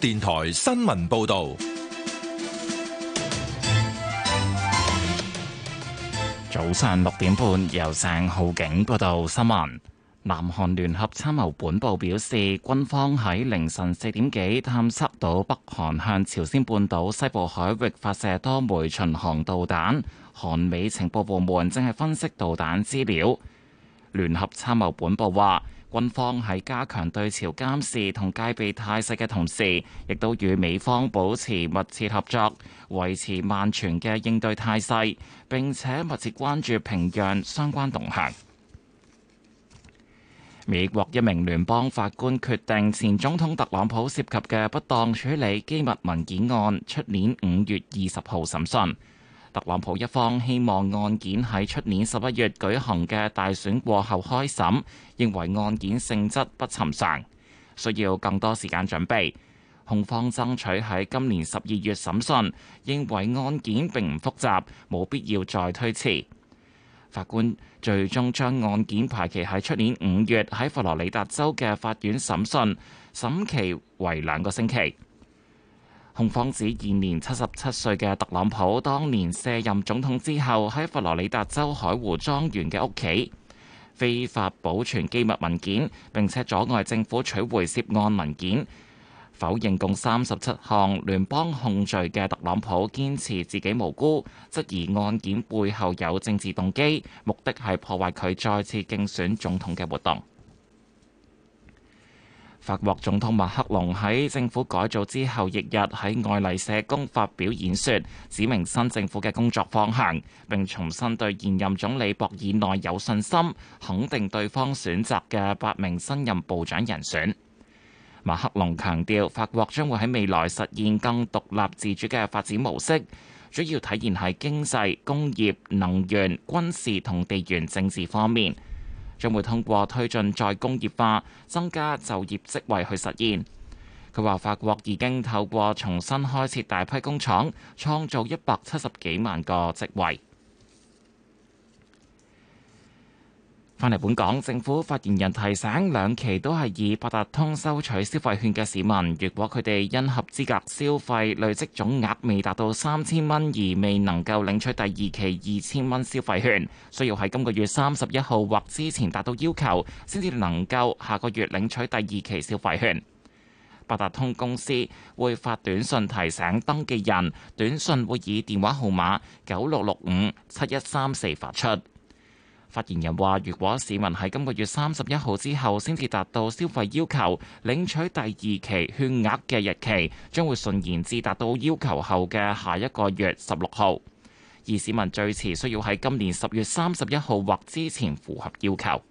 電台新聞報道，早上六點半，由鄭浩景報道新聞。南韓聯合參謀本部表示，軍方喺凌晨四點幾探測到北韓向朝鮮半島西部海域發射多枚巡航導彈，韓美情報部門正係分析導彈資料。聯合參謀本部話。軍方喺加強對朝監視同戒備態勢嘅同時，亦都與美方保持密切合作，維持萬全嘅應對態勢，並且密切關注平壤相關動向。美國一名聯邦法官決定，前總統特朗普涉及嘅不當處理機密文件案，出年五月二十號審訊。特朗普一方希望案件喺出年十一月舉行嘅大選過後開審，認為案件性質不尋常，需要更多時間準備。控方爭取喺今年十二月審訊，認為案件並唔複雜，冇必要再推遲。法官最終將案件排期喺出年五月喺佛羅里達州嘅法院審訊，審期為兩個星期。控方指，現年七十七歲嘅特朗普當年卸任總統之後，喺佛羅里達州海湖莊園嘅屋企非法保存機密文件，並且阻礙政府取回涉案文件。否認共三十七項聯邦控罪嘅特朗普，堅持自己無辜，質疑案件背後有政治動機，目的係破壞佢再次競選總統嘅活動。法國總統馬克龍喺政府改造之後，翌日喺愛麗舍宮發表演說，指明新政府嘅工作方向，並重申對現任總理博爾內有信心，肯定對方選擇嘅八名新任部長人選。馬克龍強調，法國將會喺未來實現更獨立自主嘅發展模式，主要體現喺經濟、工業、能源、軍事同地緣政治方面。將會通過推進再工業化，增加就業職位去實現。佢話，法國已經透過重新開設大批工廠，創造一百七十幾萬個職位。返嚟本港，政府發言人提醒，兩期都係以八達通收取消費券嘅市民，如果佢哋因合資格消費累積總額未達到三千蚊而未能夠領取第二期二千蚊消費券，需要喺今個月三十一號或之前達到要求，先至能夠下個月領取第二期消費券。八達通公司會發短信提醒登記人，短信會以電話號碼九六六五七一三四發出。發言人話，如果市民喺今個月三十一號之後先至達到消費要求，領取第二期券額嘅日期，將會順延至達到要求後嘅下一個月十六號，而市民最遲需要喺今年十月三十一號或之前符合要求。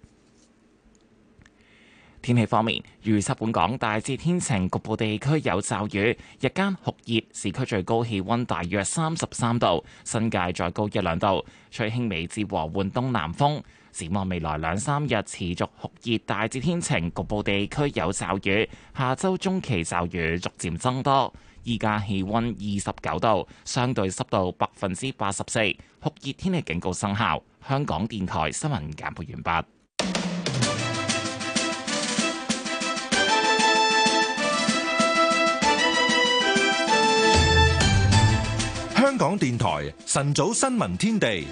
天氣方面，預測本港大致天晴，局部地區有驟雨，日間酷熱，市區最高氣溫大約三十三度，新界再高一兩度，吹輕微至和緩東南風。展望未來兩三日持續酷熱，大致天晴，局部地區有驟雨，下周中期驟雨逐漸增多。而家氣溫二十九度，相對濕度百分之八十四，酷熱天氣警告生效。香港電台新聞簡報完畢。香港電台晨早新聞天地，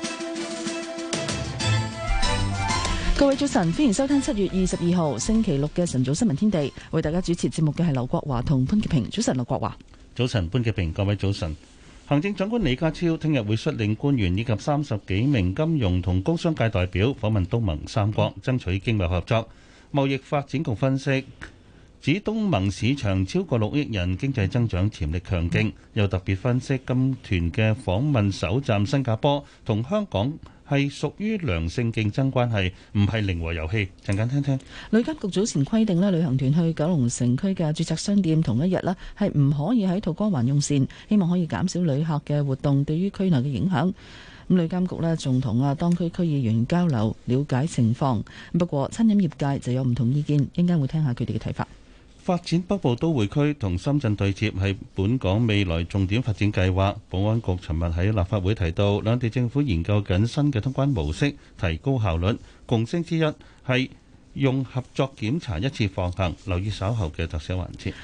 各位早晨，歡迎收聽七月二十二號星期六嘅晨早新聞天地，為大家主持節目嘅係劉國華同潘潔平。早晨，劉國華。早晨，潘潔平。各位早晨，行政長官李家超聽日會率領官員以及三十幾名金融同工商界代表訪問東盟三國，爭取經貿合作，貿易發展局分析，指東盟市場超過六億人，經濟增長潛力強勁。又特別分析，金團嘅訪問首站新加坡同香港係屬於良性競爭關係，唔係零和遊戲。陣間聽聽。旅監局早前規定咧，旅行團去九龍城區嘅註冊商店同一日咧，係唔可以喺土瓜灣用膳，希望可以減少旅客嘅活動對於區內嘅影響。咁旅監局咧仲同啊當區區議員交流了解情況。不過，餐飲業界就有唔同意見，應該會聽下佢哋嘅睇法。發展北部都會區同深圳對接係本港未來重點發展計劃。保安局尋日喺立法會提到，兩地政府研究緊新嘅通關模式，提高效率。共識之一係用合作檢查一次放行，留意稍後嘅特寫環節。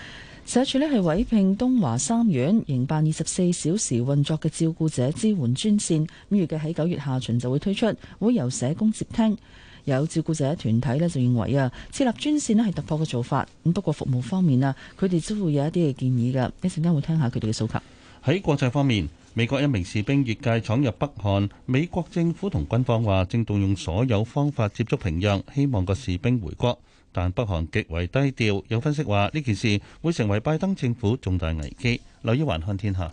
社署呢係委聘東華三院營辦二十四小時運作嘅照顧者支援專線，預計喺九月下旬就會推出，會由社工接聽。有照顧者團體呢，就認為啊，設立專線呢係突破嘅做法。咁不過服務方面啊，佢哋都會有一啲嘅建議㗎。一陣間會聽下佢哋嘅訴求。喺國際方面，美國一名士兵越界闖入北韓，美國政府同軍方話正動用所有方法接觸平壤，希望個士兵回國，但北韓極為低調。有分析話呢件事會成為拜登政府重大危機。留意環看天下。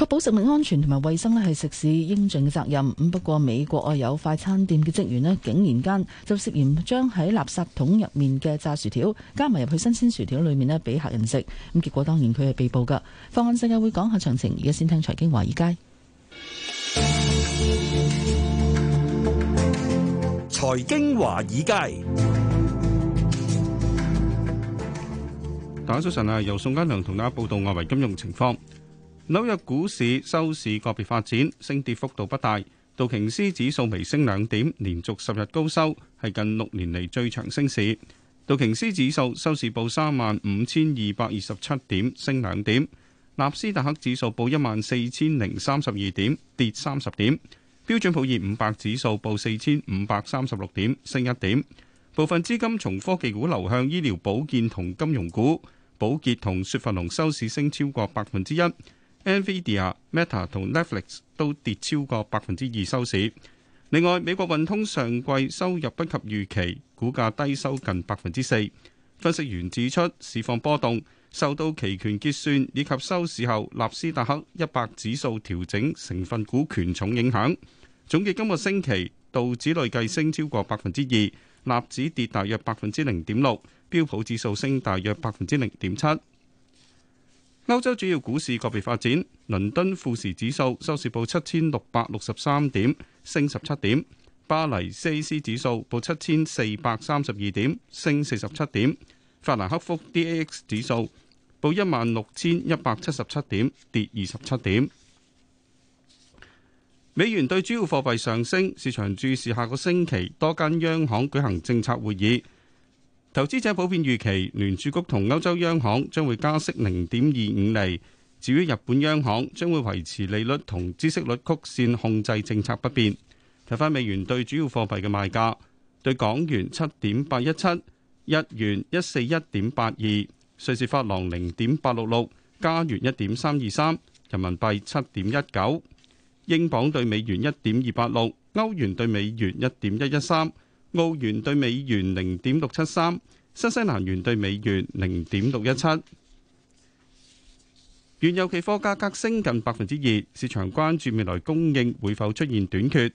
確保食物安全同埋衛生咧，係食肆應盡嘅責任。咁不過美國啊，有快餐店嘅職員咧，竟然間就涉嫌將喺垃圾桶入面嘅炸薯條加埋入去新鮮薯條裏面咧，俾客人食。咁結果當然佢係被捕噶。放眼世界會講下詳情，而家先聽財經華爾街。財經華爾街，大家早晨啊！由宋嘉良同大家報道外圍金融情況。紐約股市收市個別發展，升跌幅度不大。道瓊斯指數微升兩點，連續十日高收，係近六年嚟最長升市。道瓊斯指數收市報三萬五千二百二十七點，升兩點。納斯達克指數報一萬四千零三十二點，跌三十點。標準普爾五百指數報四千五百三十六點，升一點。部分資金從科技股流向醫療保健同金融股，寶潔同雪佛龍收市升超過百分之一。Nvidia、Meta 同 Netflix 都跌超過百分之二收市。另外，美國運通上季收入不及預期，股價低收近百分之四。分析員指出，市況波動受到期權結算以及收市後納斯達克一百指數調整成分股權重影響。總結今個星期，道指累計升超過百分之二，納指跌大約百分之零點六，標普指數升大約百分之零點七。歐洲主要股市個別發展，倫敦富時指數收市報七千六百六十三點，升十七點；巴黎 CAC 指數報七千四百三十二點，升四十七點；法蘭克福 DAX 指數報一萬六千一百七十七點，跌二十七點。美元對主要貨幣上升，市場注視下個星期多間央行舉行政策會議。投資者普遍預期聯儲局同歐洲央行將會加息零點二五厘。至於日本央行將會維持利率同孳息率曲線控制政策不變。睇返美元對主要貨幣嘅賣價，對港元七點八一七，日元一四一點八二，瑞士法郎零點八六六，加元一點三二三，人民幣七點一九，英鎊對美元一點二八六，歐元對美元一點一一三。澳元兌美元零點六七三，新西蘭元兌美元零點六一七。原油期貨價格升近百分之二，市場關注未來供應會否出現短缺。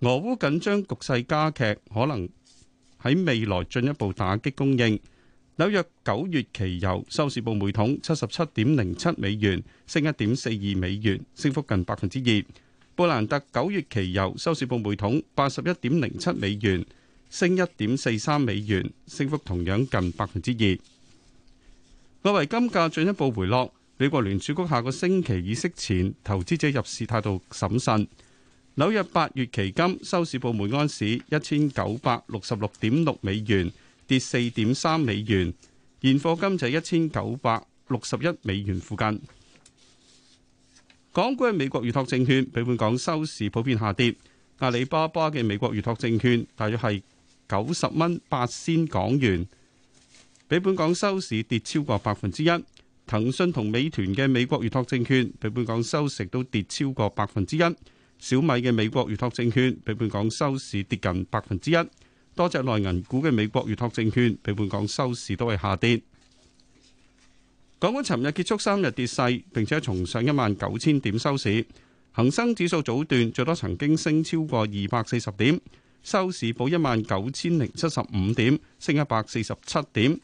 俄烏緊張局勢加劇，可能喺未來進一步打擊供應。紐約九月期油收市報每桶七十七點零七美元，升一點四二美元，升幅近百分之二。布蘭特九月期油收市報每桶八十一點零七美元。1> 升一點四三美元，升幅同樣近百分之二。外圍金價進一步回落，美國聯儲局下個星期議息前，投資者入市態度審慎。紐約八月期金收市報每安士一千九百六十六點六美元，跌四點三美元，現貨金就一千九百六十一美元附近。港股嘅美國預託證券，比本港收市普遍下跌。阿里巴巴嘅美國預託證券大約係。九十蚊八仙港元，比本港收市跌超過百分之一。騰訊同美團嘅美國預託證券比本港收市都跌超過百分之一。小米嘅美國預託證券比本港收市跌近百分之一。多隻內銀股嘅美國預託證券比本港收市都係下跌。港股尋日結束三日跌勢，並且重上一萬九千點收市。恒生指數早段最多曾經升超過二百四十點。收市報一萬九千零七十五點，升一百四十七點。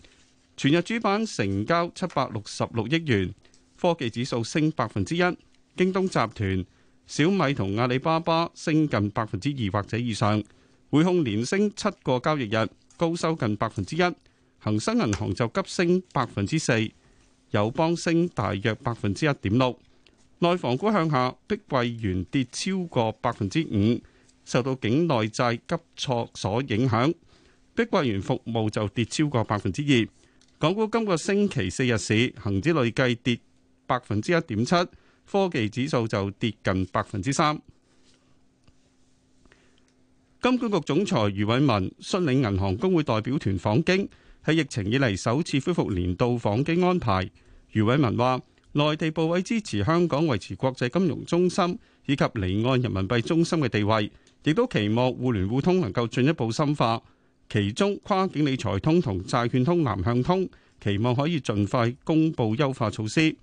全日主板成交七百六十六億元，科技指數升百分之一。京東集團、小米同阿里巴巴升近百分之二或者以上，匯控連升七個交易日，高收近百分之一。恒生銀行就急升百分之四，友邦升大約百分之一點六。內房股向下，碧桂園跌超過百分之五。受到境內債急挫所影響，碧桂園服務就跌超過百分之二。港股今個星期四日市恒指累計跌百分之一點七，科技指數就跌近百分之三。金管局總裁余偉文率領銀行公會代表團訪京，喺疫情以嚟首次恢復年度訪京安排。余偉文話：內地部委支持香港維持國際金融中心以及離岸人民幣中心嘅地位。亦都期望互聯互通能夠進一步深化，其中跨境理財通同債券通南向通，期望可以盡快公布優化措施。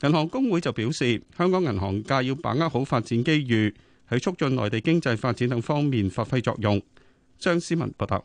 銀行公會就表示，香港銀行界要把握好發展機遇，喺促進內地經濟發展等方面發揮作用。張思文報道。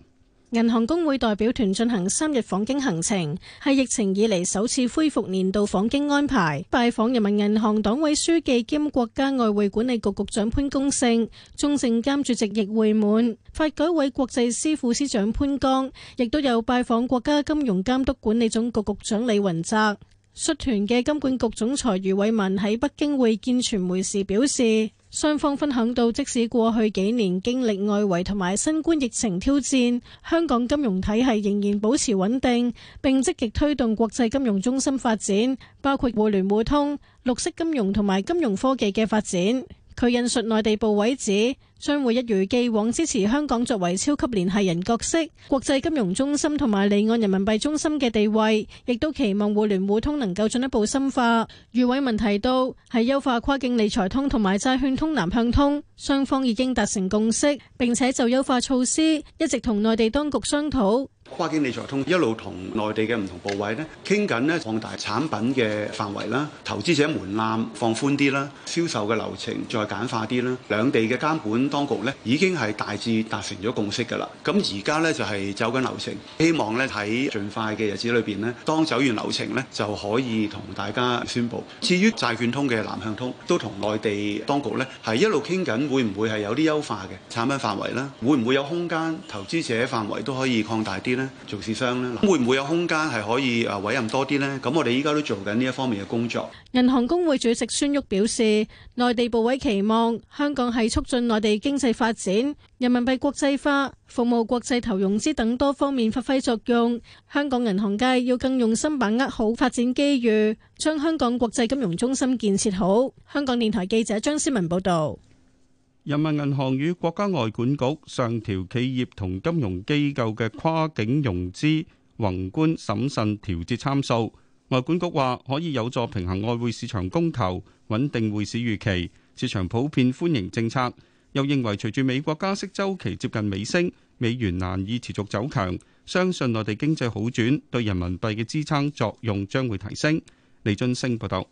銀行公會代表團進行三日訪京行程，係疫情以嚟首次恢復年度訪京安排。拜訪人民銀行黨委書記兼國家外匯管理局局長潘功勝，中證監主席易會滿，發改委國際司副司長潘剛，亦都有拜訪國家金融監督管理總局局長李雲澤。率團嘅金管局總裁余偉文喺北京會見傳媒時表示。雙方分享到，即使過去幾年經歷外圍同埋新冠疫情挑戰，香港金融體系仍然保持穩定，並積極推動國際金融中心發展，包括互聯互通、綠色金融同埋金融科技嘅發展。佢引述內地部委指。將會一如既往支持香港作為超級聯繫人角色、國際金融中心同埋離岸人民幣中心嘅地位，亦都期望互聯互通能夠進一步深化。余偉文提到，係優化跨境理財通同埋債券通南向通，雙方已經達成共識，並且就優化措施一直同內地當局商討。跨境理財通一路同內地嘅唔同部委咧傾緊咧，擴大產品嘅範圍啦，投資者門檻放寬啲啦，銷售嘅流程再簡化啲啦，兩地嘅監管當局咧已經係大致達成咗共識㗎啦。咁而家咧就係走緊流程，希望咧喺盡快嘅日子裏邊咧，當走完流程咧就可以同大家宣布。至於債券通嘅南向通，都同內地當局咧係一路傾緊，會唔會係有啲優化嘅產品範圍啦？會唔會有空間？投資者範圍都可以擴大啲。做市商呢，會唔會有空間，係可以啊委任多啲呢？咁我哋依家都做緊呢一方面嘅工作。銀行公會主席孫煜表示，內地部委期望香港係促進內地經濟發展、人民幣國際化、服務國際投融資等多方面發揮作用。香港銀行界要更用心把握好發展機遇，將香港國際金融中心建設好。香港電台記者張思文報道。人民銀行與國家外管局上調企業同金融機構嘅跨境融資宏觀審慎調節參數。外管局話可以有助平衡外匯市場供求，穩定匯市預期。市場普遍歡迎政策，又認為隨住美國加息周期接近尾聲，美元難以持續走強。相信內地經濟好轉，對人民幣嘅支撐作用將會提升。李俊升報道。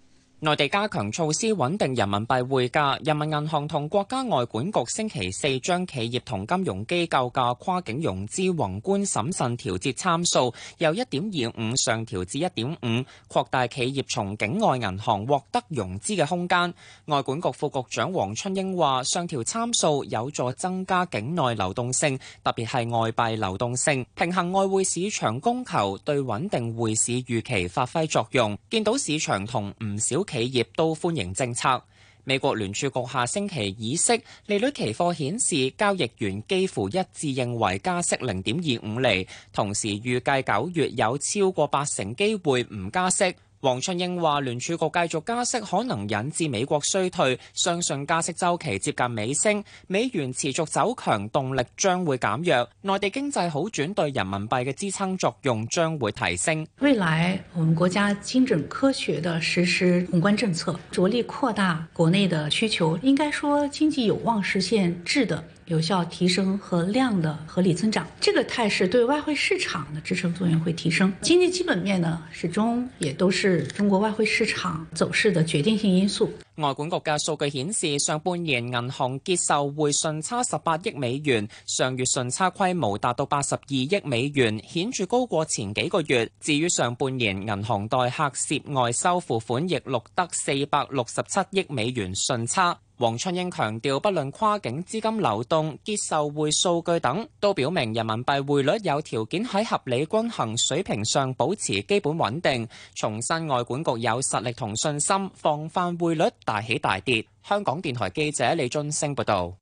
內地加強措施穩定人民幣匯價，人民銀行同國家外管局星期四將企業同金融機構嘅跨境融資宏觀審慎調節參數由一點二五上調至一點五，擴大企業從境外銀行獲得融資嘅空間。外管局副局長黃春英話：上調參數有助增加境內流動性，特別係外幣流動性平衡外匯市場供求，對穩定匯市預期發揮作用。見到市場同唔少企。企業都歡迎政策。美國聯儲局下星期議息，利率期貨顯示交易員幾乎一致認為加息零點二五厘，同時預計九月有超過八成機會唔加息。黃春英話：聯儲局繼續加息，可能引致美國衰退，相信加息週期接近尾聲，美元持續走強動力將會減弱。內地經濟好轉對人民幣嘅支撐作用將會提升。未來我們國家精準科學地實施宏觀政策，着力擴大國內的需求，應該說經濟有望實現質的。有效提升和量的合理增長，這個態勢對外匯市場的支撐作用會提升。經濟基本面呢，始終也都是中國外匯市場走勢的決定性因素。外管局嘅數據顯示，上半年銀行結售匯順差十八億美元，上月順差規模達到八十二億美元，顯著高過前幾個月。至於上半年銀行代客涉外收付款，亦錄得四百六十七億美元順差。王春英強調，不論跨境資金流動、結售匯數據等，都表明人民幣匯率有條件喺合理均衡水平上保持基本穩定。重申外管局有實力同信心防範匯率大起大跌。香港電台記者李俊升報道。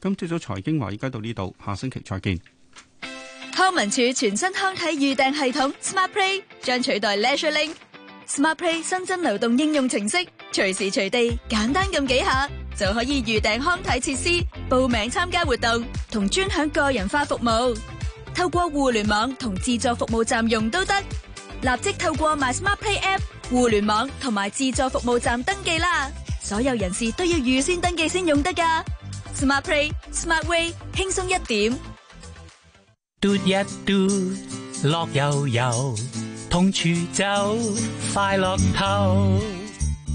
今朝早財經華爾街到呢度，下星期再見。康文署全新康體預訂系統 SmartPlay 將取代 LeisureLink。Smart Play 新增流動應用程式，隨時隨地簡單撳幾下就可以預訂康體設施、報名參加活動同專享個人化服務。透過互聯網同自助服務站用都得，立即透過 My Smart Play App、互聯網同埋自助服務站登記啦。所有人士都要預先登記先用得噶。Smart Play, Smart Way，輕鬆一點。嘟一嘟，樂悠悠同處就快樂透。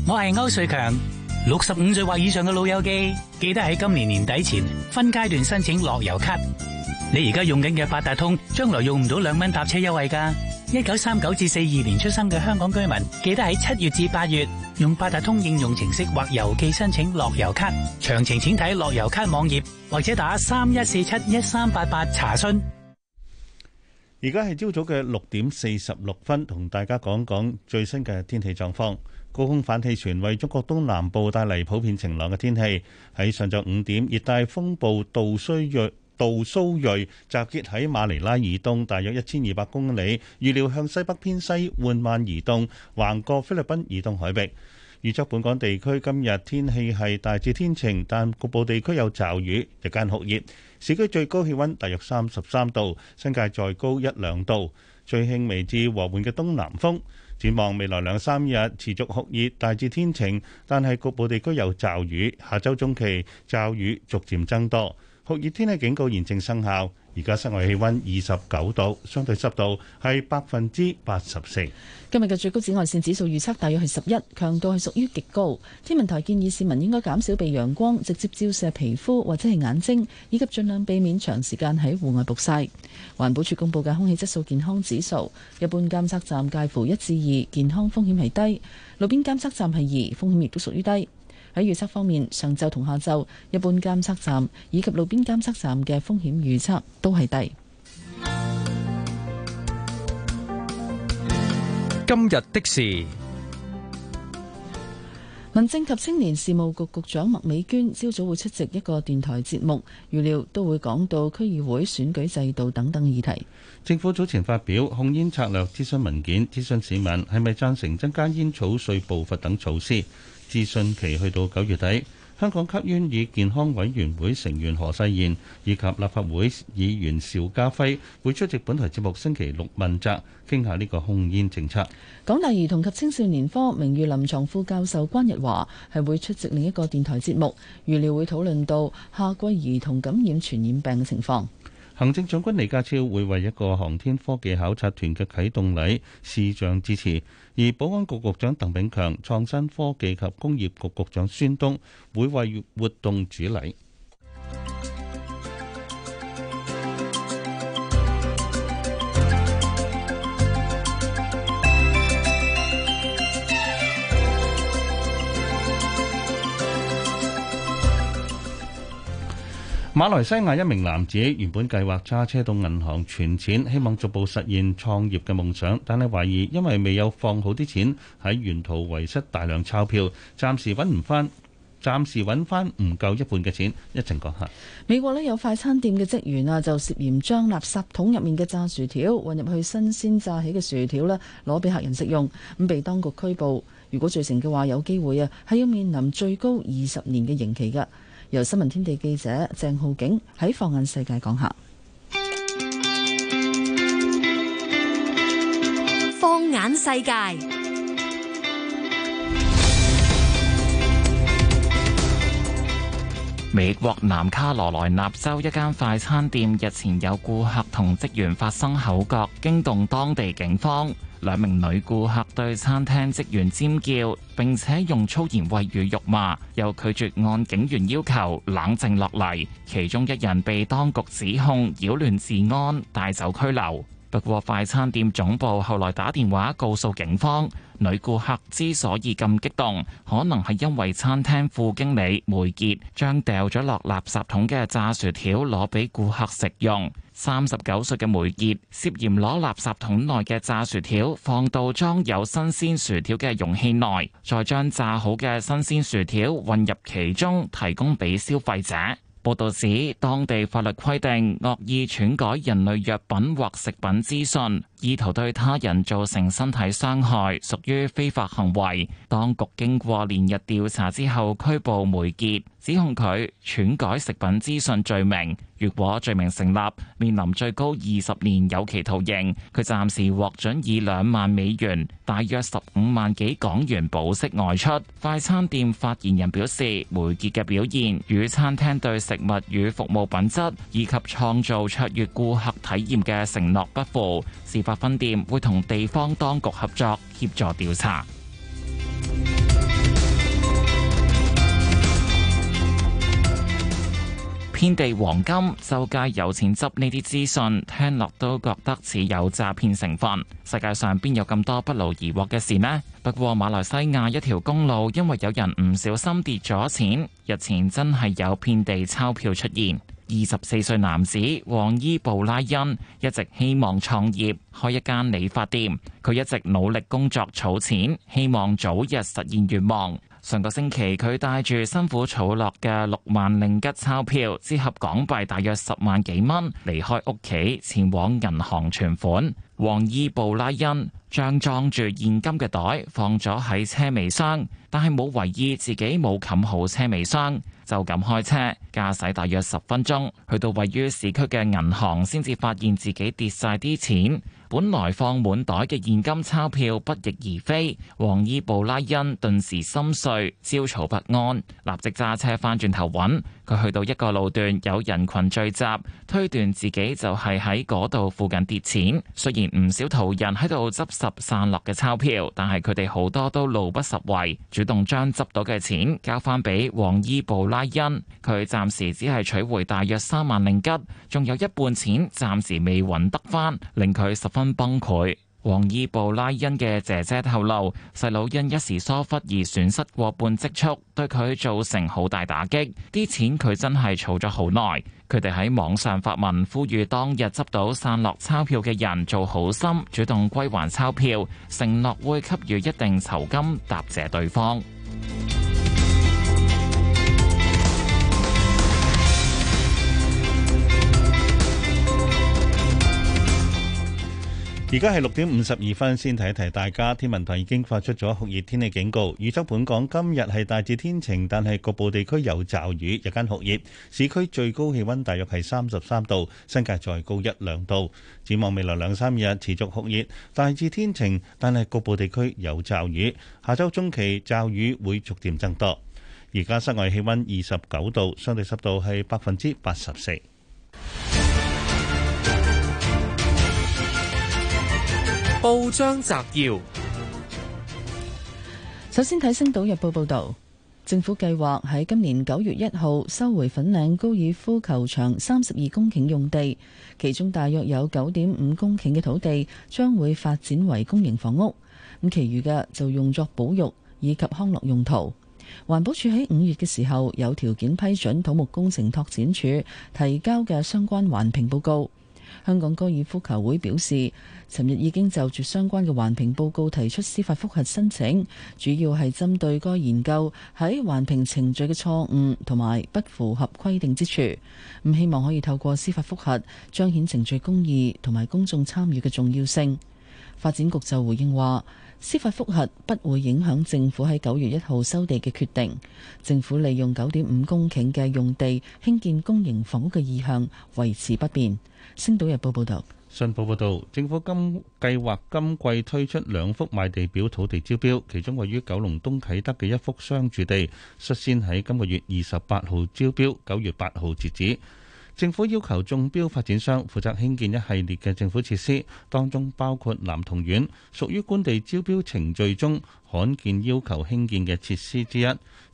我係歐瑞強，六十五歲或以上嘅老友記，記得喺今年年底前分階段申請樂悠卡。你而家用緊嘅八達通，將來用唔到兩蚊搭車優惠噶。一九三九至四二年出生嘅香港居民，記得喺七月至八月用八達通應用程式或郵寄申請樂悠卡。詳情請睇樂悠卡網頁或者打三一四七一三八八查詢。而家係朝早嘅六點四十六分，同大家講講最新嘅天氣狀況。高空反氣旋為中國東南部帶嚟普遍晴朗嘅天氣。喺上晝五點，熱帶風暴杜蘇芮杜蘇芮集結喺馬尼拉以東大約一千二百公里，預料向西北偏西緩慢移動，橫過菲律賓以東海域。預測本港地區今日天氣係大致天晴，但局部地區有驟雨，日間酷熱。市區最高氣温大約三十三度，新界再高一兩度。最輕微至和緩嘅東南風，展望未來兩三日持續酷熱，大致天晴，但係局部地區有驟雨。下周中期驟雨逐漸增多。酷熱天氣警告現正生效，而家室外氣溫二十九度，相對濕度係百分之八十四。今日嘅最高紫外綫指數預測大約係十一，強度係屬於極高。天文台建議市民應該減少被陽光直接照射皮膚或者係眼睛，以及盡量避免長時間喺戶外曝晒。環保署公布嘅空氣質素健康指數，一般監測站介乎一至二，健康風險係低；路邊監測站係二，風險亦都屬於低。喺預測方面，上晝同下晝，一般監測站以及路邊監測站嘅風險預測都係低。今日的事，民政及青年事務局局長麥美娟朝早會出席一個電台節目，預料都會講到區議會選舉制度等等議題。政府早前發表控煙策略諮詢文件，諮詢市民係咪贊成增加煙草稅步伐等措施。自信期去到九月底，香港吸煙與健康委員會成員何世賢以及立法會議員邵家輝會出席本台節目星期六問責，傾下呢個控煙政策。港大兒童及青少年科名譽臨床副教授關日華係會出席另一個電台節目，預料會討論到夏季兒童感染傳染病嘅情況，行政長官李家超會為一個航天科技考察團嘅啟動禮視像致辭。而保安局局長鄧炳強、創新科技及工業局局長孫東會為活動主禮。馬來西亞一名男子原本計劃揸車到銀行存錢，希望逐步實現創業嘅夢想，但係懷疑因為未有放好啲錢喺沿途遺失大量鈔票，暫時揾唔翻，暫時揾翻唔夠一半嘅錢，一陣講下。美國咧有快餐店嘅職員啊，就涉嫌將垃圾桶入面嘅炸薯條混入去新鮮炸起嘅薯條咧，攞俾客人食用，咁被當局拘捕。如果罪成嘅話，有機會啊，係要面臨最高二十年嘅刑期噶。由新聞天地記者鄭浩景喺放眼世界講下，放眼世界，美國南卡羅來納州一間快餐店日前有顧客同職員發生口角，驚動當地警方。兩名女顧客對餐廳職員尖叫，並且用粗言穢語辱罵，又拒絕按警員要求冷靜落嚟。其中一人被當局指控擾亂治安，帶走拘留。不過快餐店總部後來打電話告訴警方，女顧客之所以咁激動，可能係因為餐廳副經理梅傑將掉咗落垃圾桶嘅炸薯條攞畀顧客食用。三十九歲嘅梅傑涉嫌攞垃圾桶內嘅炸薯條放到裝有新鮮薯條嘅容器內，再將炸好嘅新鮮薯條混入其中，提供俾消費者。報道指，當地法律規定惡意篡改人類藥品或食品資訊。意圖對他人造成身體傷害，屬於非法行為。當局經過連日調查之後，拘捕梅傑，指控佢篡改食品資訊罪名。如果罪名成立，面臨最高二十年有期徒刑。佢暫時獲准以兩萬美元（大約十五萬幾港元）保釋外出。快餐店發言人表示，梅傑嘅表現與餐廳對食物與服務品質以及創造卓越顧客體驗嘅承諾不符。百分店會同地方當局合作協助調查。遍地黃金，周街有錢執呢啲資訊，聽落都覺得似有詐騙成分。世界上邊有咁多不勞而獲嘅事呢？不過馬來西亞一條公路因為有人唔小心跌咗錢，日前真係有遍地鈔票出現。二十四歲男子黃伊布拉恩一直希望創業，開一間理髮店，佢一直努力工作儲錢，希望早日實現願望。上個星期佢帶住辛苦儲落嘅六萬令吉鈔票，折合港幣大約十萬幾蚊，離開屋企前往銀行存款。黃伊布拉恩將裝住現金嘅袋放咗喺車尾箱，但係冇懷疑自己冇冚好車尾箱，就咁開車，駕駛大約十分鐘，去到位於市區嘅銀行，先至發現自己跌晒啲錢。本來放滿袋嘅現金鈔票不翼而飛，黃伊布拉欣頓時心碎，焦躁不安，立即揸車翻轉頭揾。佢去到一個路段，有人群聚集，推斷自己就係喺嗰度附近跌錢。雖然唔少途人喺度執拾散落嘅鈔票，但係佢哋好多都路不拾遺，主動將執到嘅錢交翻俾黃伊布拉欣。佢暫時只係取回大約三萬令吉，仲有一半錢暫時未揾得翻，令佢十分。崩潰。王伊布拉恩嘅姐姐透露，細佬因一時疏忽而損失過半積蓄，對佢造成好大打擊。啲錢佢真係儲咗好耐。佢哋喺網上發文呼籲，當日執到散落鈔票嘅人做好心，主動歸還鈔票，承諾會給予一定酬金答謝對方。而家係六點五十二分，先提一提大家。天文台已經發出咗酷熱天氣警告，預測本港今日係大致天晴，但係局部地區有驟雨、日間酷熱。市區最高氣温大約係三十三度，新界再高一兩度。展望未來兩三日持續酷熱、大致天晴，但係局部地區有驟雨。下周中期驟雨會逐漸增多。而家室外氣温二十九度，相對濕度係百分之八十四。 報章摘要：首先睇《星島日報》報道，政府計劃喺今年九月一號收回粉嶺高爾夫球場三十二公頃用地，其中大約有九點五公頃嘅土地將會發展為公營房屋，咁其餘嘅就用作保育以及康樂用途。環保署喺五月嘅時候有條件批准土木工程拓展署提交嘅相關環評報告。香港高爾夫球會表示，尋日已經就住相關嘅環評報告提出司法復核申請，主要係針對該研究喺環評程序嘅錯誤同埋不符合規定之處。唔希望可以透過司法復核彰顯程序公義同埋公眾參與嘅重要性。發展局就回應話，司法復核不會影響政府喺九月一號收地嘅決定，政府利用九點五公頃嘅用地興建公營房屋嘅意向維持不變。星島日報報道，信報報道，政府今計劃今季推出兩幅賣地表土地招標，其中位於九龍東啟德嘅一幅商住地，率先喺今個月二十八號招標，九月八號截止。政府要求中標發展商負責興建一系列嘅政府設施，當中包括南同苑，屬於官地招標程序中罕見要求興建嘅設施之一。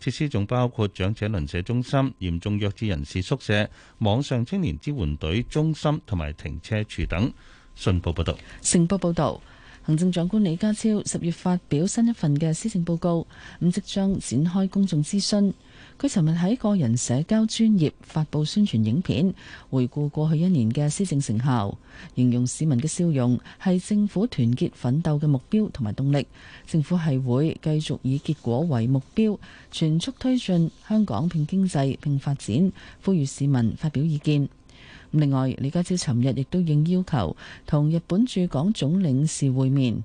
設施仲包括長者鄰舍中心、嚴重弱智人士宿舍、網上青年支援隊中心同埋停車處等。信報報道。成報報道，行政長官李家超十月發表新一份嘅施政報告，咁即將展開公眾諮詢。佢尋日喺個人社交專業發布宣傳影片，回顧過去一年嘅施政成效，形容市民嘅笑容係政府團結奮鬥嘅目標同埋動力。政府係會繼續以結果為目標，全速推進香港拼經濟拼發展。呼籲市民發表意見。另外，李家超尋日亦都應要求同日本駐港總領事會面。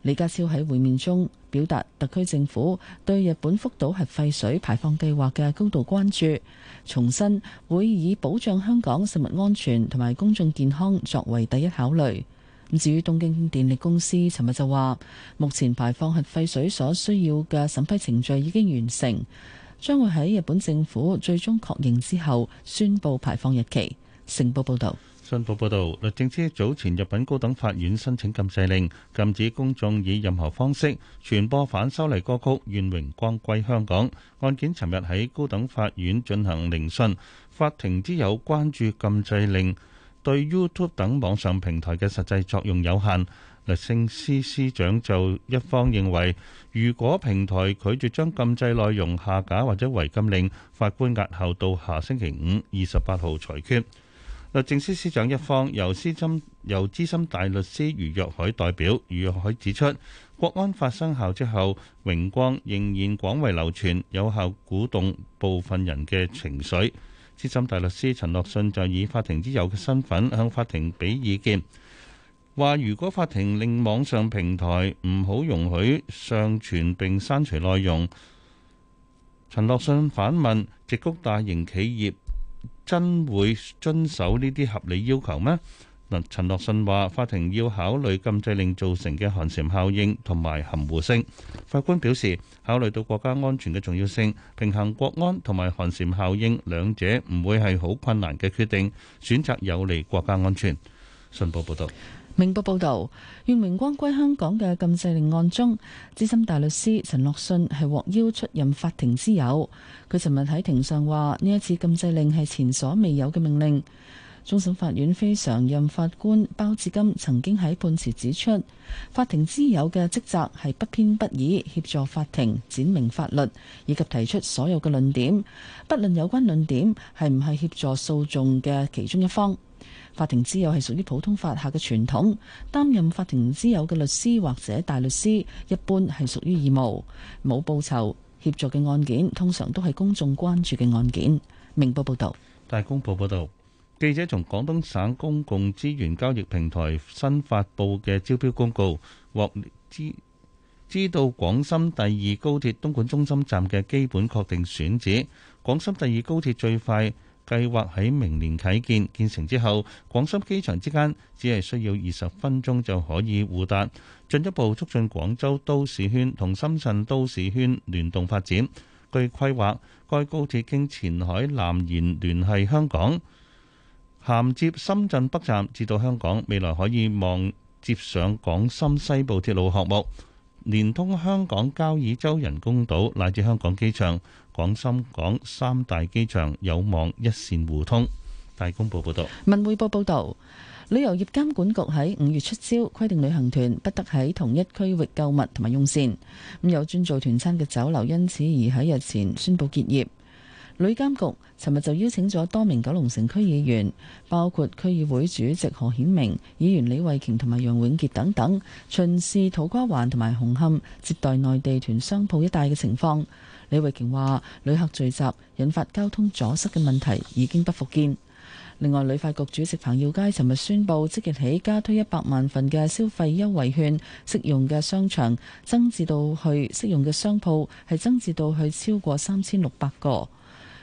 李家超喺會面中，表達特區政府對日本福島核廢水排放計劃嘅高度關注，重申會以保障香港食物安全同埋公眾健康作為第一考慮。咁至於東京電力公司，尋日就話，目前排放核廢水所需要嘅審批程序已經完成，將會喺日本政府最終確認之後宣布排放日期。成報報道。信報報導，律政司早前入禀高等法院申請禁制令，禁止公眾以任何方式傳播反修例歌曲《願榮光歸香港》。案件尋日喺高等法院進行聆訊，法庭之友關注禁制令對 YouTube 等網上平台嘅實際作用有限。律政司司長就一方認為，如果平台拒絕將禁制內容下架或者違禁令，法官押後到下星期五二十八號裁決。律政司司長一方由資深由資深大律師余若海代表，余若海指出國安法生效之後，榮光仍然廣為流傳，有效鼓動部分人嘅情緒。資深大律師陳樂信就以法庭之友嘅身份向法庭俾意見，話如果法庭令網上平台唔好容許上傳並刪除內容，陳樂信反問直谷大型企業。真會遵守呢啲合理要求咩？嗱，陳樂信話：法庭要考慮禁制令造成嘅寒蟬效應同埋含糊性。法官表示，考慮到國家安全嘅重要性，平衡國安同埋寒蟬效應兩者唔會係好困難嘅決定，選擇有利國家安全。信報報道。明報報道，願榮光歸香港嘅禁制令案中，資深大律師陳樂信係獲邀出任法庭之友。佢尋日喺庭上話，呢一次禁制令係前所未有嘅命令。終審法院非常任法官包致金曾經喺判詞指出，法庭之友嘅職責係不偏不倚協助法庭闡明法律以及提出所有嘅論點，不論有關論點係唔係協助訴訟嘅其中一方。法庭之友係屬於普通法下嘅傳統，擔任法庭之友嘅律師或者大律師，一般係屬於義務，冇報酬。協助嘅案件通常都係公眾關注嘅案件。明報報道：「大公報報道，記者從廣東省公共資源交易平台新發佈嘅招標公告獲知，知道廣深第二高鐵東莞中心站嘅基本確定選址。廣深第二高鐵最快。計劃喺明年啟建，建成之後，廣深機場之間只係需要二十分鐘就可以互達，進一步促進廣州都市圈同深圳都市圈聯動發展。據規劃，該高鐵經前海南延聯繫香港，銜接深圳北站至到香港，未來可以望接上廣深西部鐵路項目，連通香港交椅洲人工島乃至香港機場。廣深港三大機場有望一線互通。大公報報道，文匯報報道，旅遊業監管局喺五月出招，規定旅行團不得喺同一區域購物同埋用膳。咁有專做團餐嘅酒樓因此而喺日前宣布結業。旅監局尋日就邀請咗多名九龍城區議員，包括區議會主席何顯明、議員李慧瓊同埋楊永傑等等，巡視土瓜灣同埋紅磡接待內地團商鋪一帶嘅情況。李慧瓊話：旅客聚集引發交通阻塞嘅問題已經不復見。另外，旅發局主席彭耀佳尋日宣布，即日起加推一百萬份嘅消費優惠券，適用嘅商場增至到去適用嘅商鋪係增至到去超過三千六百個。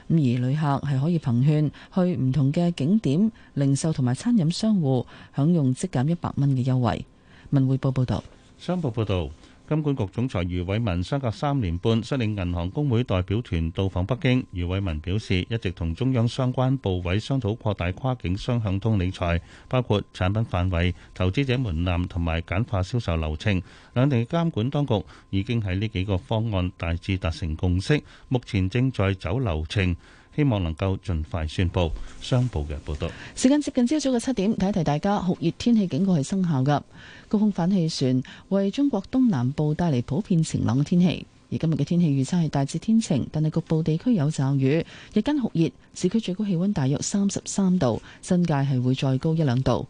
咁而旅客係可以憑券去唔同嘅景點、零售同埋餐飲商戶，享用即減一百蚊嘅優惠。文匯報報道，商報報道。金管局總裁余偉文相隔三年半率領銀行公會代表團到訪北京。余偉文表示，一直同中央相關部委商討擴大跨境雙向通理財，包括產品範圍、投資者門檻同埋簡化銷售流程。兩地監管當局已經喺呢幾個方案大致達成共識，目前正在走流程。希望能夠盡快宣布商報嘅報道。時間接近朝早嘅七點，提一提大家酷熱天氣警告係生效噶高空反氣旋為中國東南部帶嚟普遍晴朗嘅天氣，而今日嘅天氣預測係大致天晴，但係局部地區有驟雨。日間酷熱，市區最高氣溫大約三十三度，新界係會再高一兩度。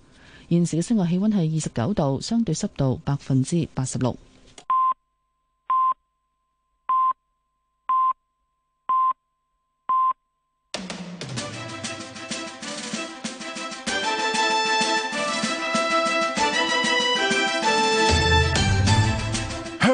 現時嘅室外氣溫係二十九度，相對濕度百分之八十六。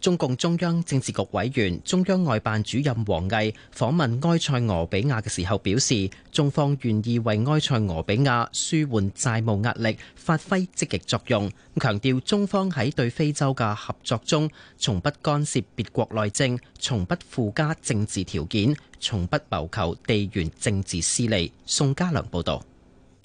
中共中央政治局委員中央外辦主任王毅訪問埃塞俄比亞嘅時候表示，中方願意為埃塞俄比亞舒緩債務壓力，發揮積極作用。強調中方喺對非洲嘅合作中，從不干涉別國內政，從不附加政治條件，從不謀求地緣政治私利。宋家良報道，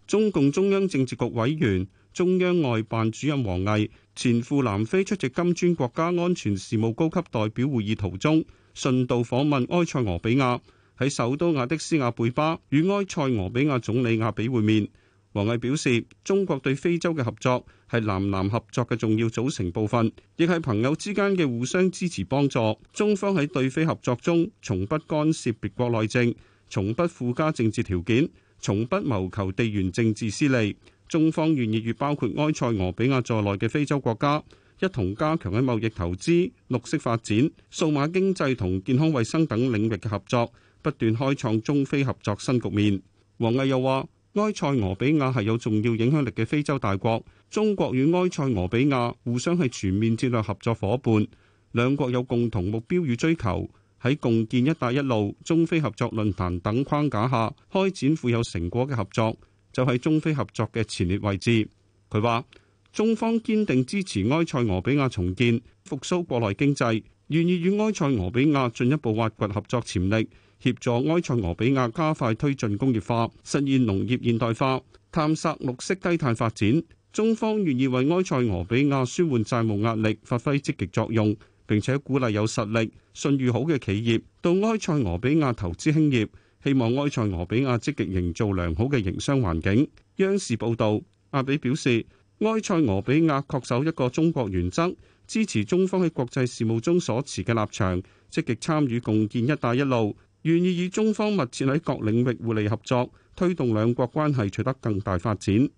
中共中央政治局委員中央外辦主任王毅前赴南非出席金磚國家安全事務高級代表會議途中，順道訪問埃塞俄比亞，喺首都亞的斯亞貝巴與埃塞俄比亞總理阿比會面。王毅表示，中國對非洲嘅合作係南南合作嘅重要組成部分，亦係朋友之間嘅互相支持幫助。中方喺對非合作中，從不干涉別國內政，從不附加政治條件，從不謀求地緣政治私利。中方願意與包括埃塞俄比亞在內嘅非洲國家一同加強喺貿易投資、綠色發展、數碼經濟同健康衛生等領域嘅合作，不斷開創中非合作新局面。王毅又話埃塞俄比亞係有重要影響力嘅非洲大國，中國與埃塞俄比亞互相係全面戰略合作伙伴，兩國有共同目標與追求，喺共建「一帶一路」中非合作論壇等框架下，開展富有成果嘅合作。就喺中非合作嘅前列位置。佢話中方堅定支持埃塞俄比亞重建、復蘇國內經濟，願意與埃塞俄比亞進一步挖掘合作潛力，協助埃塞俄比亞加快推進工業化、實現農業現代化、探索綠色低碳發展。中方願意為埃塞俄比亞舒緩債務壓力，發揮積極作用，並且鼓勵有實力、信譽好嘅企業到埃塞俄比亞投資興業。希望埃塞俄比亞積極營造良好嘅營商環境。央視報道，阿比表示，埃塞俄比亞恪守一個中國原則，支持中方喺國際事務中所持嘅立場，積極參與共建“一帶一路”，願意與中方密切喺各領域互利合作，推動兩國關係取得更大發展。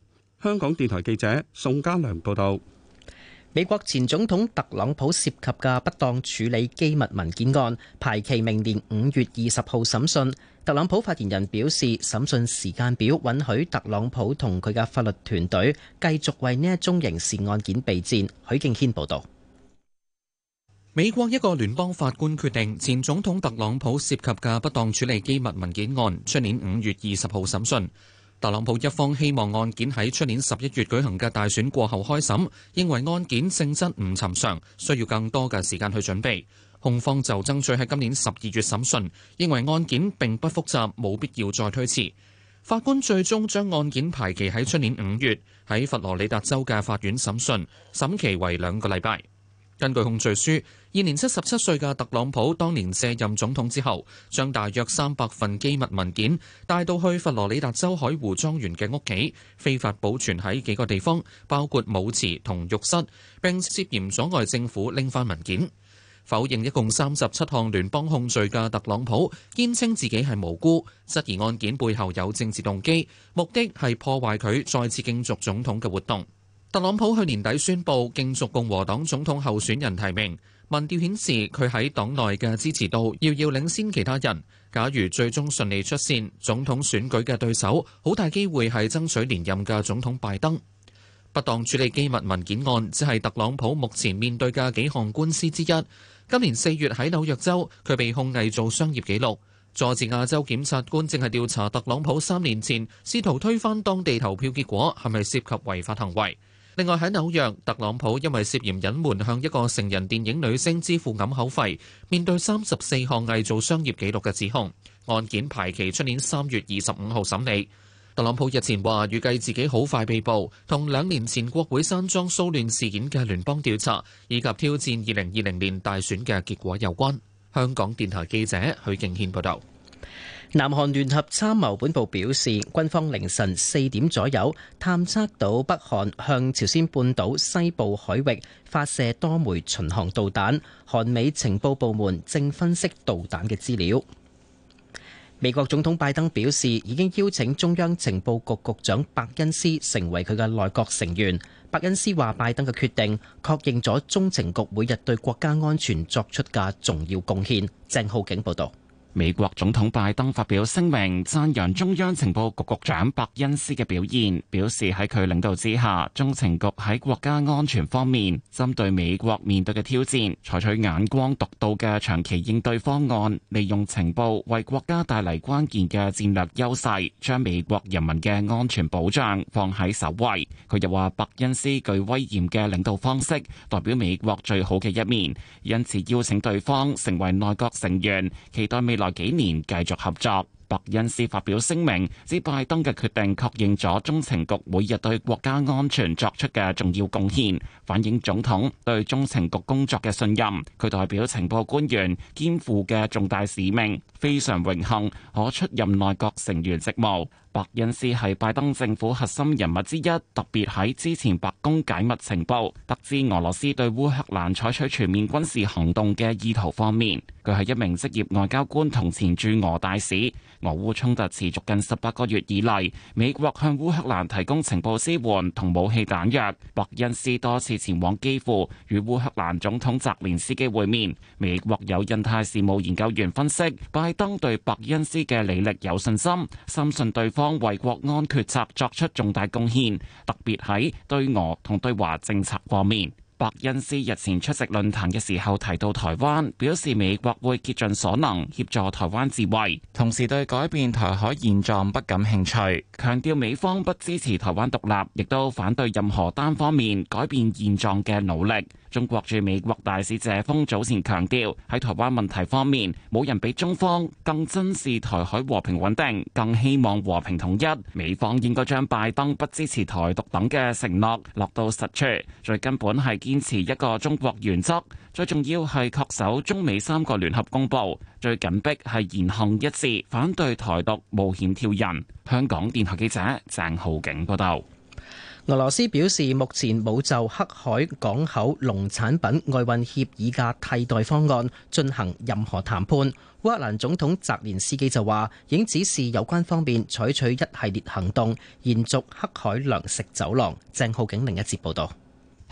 香港電台記者宋家良報道。美國前總統特朗普涉及嘅不當處理機密文件案，排期明年五月二十號審訊。特朗普發言人表示，審訊時間表允許特朗普同佢嘅法律團隊繼續為呢一宗刑事案件備戰。許敬軒報導。美國一個聯邦法官決定前總統特朗普涉及嘅不當處理機密文件案，出年五月二十號審訊。特朗普一方希望案件喺出年十一月舉行嘅大選過後開審，認為案件性質唔尋常，需要更多嘅時間去準備。控方就爭取喺今年十二月審訊，認為案件並不複雜，冇必要再推遲。法官最終將案件排期喺出年五月，喺佛羅里達州嘅法院審訊，審期為兩個禮拜。根據控罪書，現年七十七歲嘅特朗普當年卸任總統之後，將大約三百份機密文件帶到去佛羅里達州海湖莊園嘅屋企，非法保存喺幾個地方，包括舞池同浴室，並涉嫌阻礙政府拎翻文件。否認一共三十七項聯邦控罪嘅特朗普，堅稱自己係無辜，質疑案件背後有政治動機，目的係破壞佢再次競逐總統嘅活動。特朗普去年底宣布競逐共和黨總統候選人提名，民調顯示佢喺黨內嘅支持度要要領先其他人。假如最終順利出線，總統選舉嘅對手好大機會係爭取連任嘅總統拜登。不當處理機密文件案，只係特朗普目前面對嘅幾項官司之一。今年四月喺紐約州，佢被控偽造商業記錄，佐治亞州檢察官正係調查特朗普三年前試圖推翻當地投票結果係咪涉及違法行為，另外喺紐約，特朗普因為涉嫌隱瞞向一個成人電影女星支付揞口費，面對三十四項偽造商業記錄嘅指控，案件排期出年三月二十五號審理。特朗普日前話預計自己好快被捕，同兩年前國會山莊騷亂事件嘅聯邦調查以及挑戰二零二零年大選嘅結果有關。香港電台記者許敬軒報道。南韓聯合參謀本部表示，軍方凌晨四點左右探測到北韓向朝鮮半島西部海域發射多枚巡航導彈，韓美情報部門正分析導彈嘅資料。美國總統拜登表示，已經邀請中央情報局局長伯恩斯成為佢嘅內閣成員。伯恩斯話，拜登嘅決定確認咗中情局每日對國家安全作出嘅重要貢獻。鄭浩景報道。美國總統拜登發表聲明，讚揚中央情報局局長伯恩斯嘅表現，表示喺佢領導之下，中情局喺國家安全方面，針對美國面對嘅挑戰，採取眼光獨到嘅長期應對方案，利用情報為國家帶嚟關鍵嘅戰略優勢，將美國人民嘅安全保障放喺首位。佢又話，伯恩斯具威嚴嘅領導方式，代表美國最好嘅一面，因此邀請對方成為內閣成員，期待未來。幾年繼續合作。伯恩斯發表聲明，指拜登嘅決定確認咗中情局每日對國家安全作出嘅重要貢獻，反映總統對中情局工作嘅信任。佢代表情報官員肩負嘅重大使命，非常榮幸可出任內閣成員職務。白恩斯係拜登政府核心人物之一，特別喺之前白宮解密情報，得知俄羅斯對烏克蘭採取全面軍事行動嘅意圖方面，佢係一名職業外交官同前駐俄大使。俄烏衝突持續近十八個月以嚟，美國向烏克蘭提供情報支援同武器彈藥。白恩斯多次前往基輔與烏克蘭總統澤連斯基會面。美國有印太事務研究員分析，拜登對白恩斯嘅履歷有信心，深信對方。方為國安決策作出重大貢獻，特別喺對俄同對華政策方面。伯恩斯日前出席論壇嘅時候提到台灣，表示美國會竭盡所能協助台灣自衛，同時對改變台海現狀不感興趣，強調美方不支持台灣獨立，亦都反對任何單方面改變現狀嘅努力。中國駐美國大使謝鋒早前強調，喺台灣問題方面，冇人比中方更珍視台海和平穩定，更希望和平統一。美方應該將拜登不支持台獨等嘅承諾落到實處。最根本係堅持一個中國原則，最重要係恪守中美三個聯合公報，最緊迫係言行一致反對台獨冒險挑釁。香港電台記者鄭浩景報道。俄羅斯表示，目前冇就黑海港口農產品外運協議嘅替代方案進行任何談判。烏克蘭總統澤連斯基就話，已經指示有關方面採取一系列行動，延續黑海糧食走廊。鄭浩景另一節報導。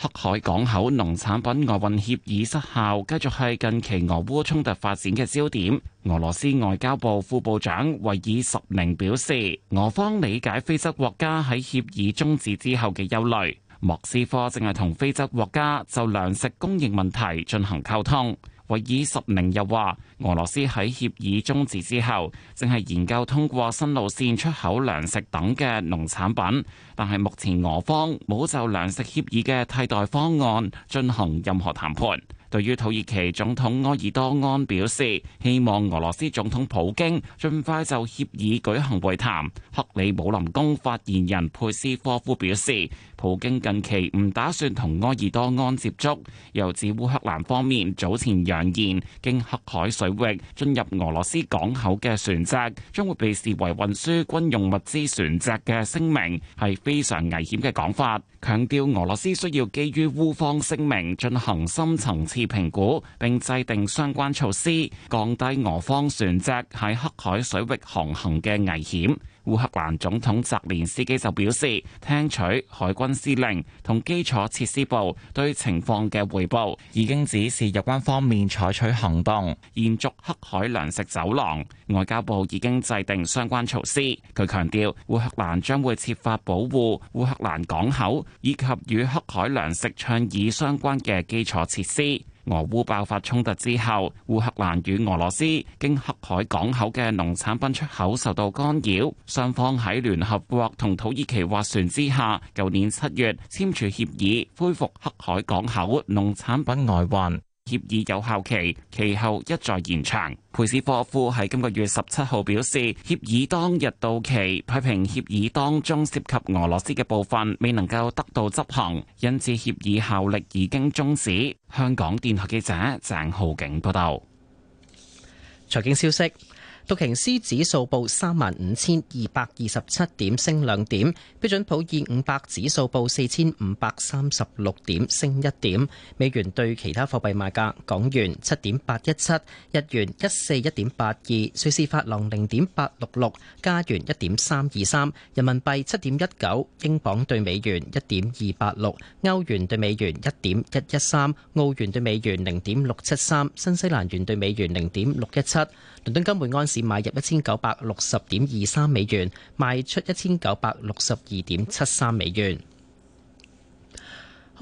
黑海港口農產品外運協議失效，繼續係近期俄烏衝突發展嘅焦點，俄羅斯外交部副部長維爾什寧表示，俄方理解非洲國家喺協議終止之後嘅憂慮，莫斯科正係同非洲國家就糧食供應問題進行溝通。維爾十名又話，俄羅斯喺協議終止之後，正係研究通過新路線出口糧食等嘅農產品，但係目前俄方冇就糧食協議嘅替代方案進行任何談判。對於土耳其總統埃爾多安表示，希望俄羅斯總統普京盡快就協議舉行會談。克里姆林宮發言人佩斯科夫表示。普京近期唔打算同埃爾多安接觸，又指烏克蘭方面早前揚言經黑海水域進入俄羅斯港口嘅船隻將會被視為運輸軍用物資船隻嘅聲明，係非常危險嘅講法。強調俄羅斯需要基於烏方聲明進行深層次評估，並制定相關措施，降低俄方船隻喺黑海水域航行嘅危險。烏克蘭總統澤連斯基就表示，聽取海軍司令同基礎設施部對情況嘅匯報，已經指示有關方面採取行動，行動延續黑海糧食走廊。外交部已經制定相關措施。佢強調，烏克蘭將會設法保護烏克蘭港口以及與黑海糧食倡議相關嘅基礎設施。俄烏爆發衝突之後，烏克蘭與俄羅斯經黑海港口嘅農產品出口受到干擾。雙方喺聯合國同土耳其斡旋之下，舊年七月簽署協議，恢復黑海港口農產品外運。協議有效期其後一再延長。佩斯科夫喺今個月十七號表示，協議當日到期，批評協議當中涉及俄羅斯嘅部分未能夠得到執行，因此協議效力已經終止。香港電台記者鄭浩景報道。財經消息。道瓊斯指數報三萬五千二百二十七點，升兩點；標準普爾五百指數報四千五百三十六點，升一點。美元對其他貨幣賣價：港元七點八一七，日元一四一點八二，瑞士法郎零點八六六，加元一點三二三，人民幣七點一九，英鎊對美元一點二八六，歐元對美元一點一一三，澳元對美元零點六七三，新西蘭元對美元零點六一七。倫敦金每安士買入一千九百六十點二三美元，賣出一千九百六十二點七三美元。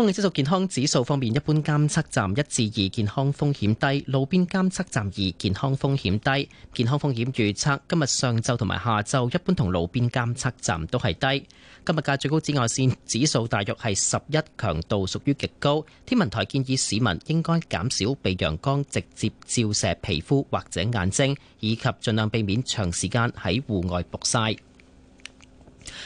空氣質素健康指數方面，一般監測站一至二健康風險低，路邊監測站二健康風險低。健康風險預測今日上晝同埋下晝，一般同路邊監測站都係低。今日嘅最高紫外線指數大約係十一，強度屬於極高。天文台建議市民應該減少被陽光直接照射皮膚或者眼睛，以及盡量避免長時間喺戶外曝曬。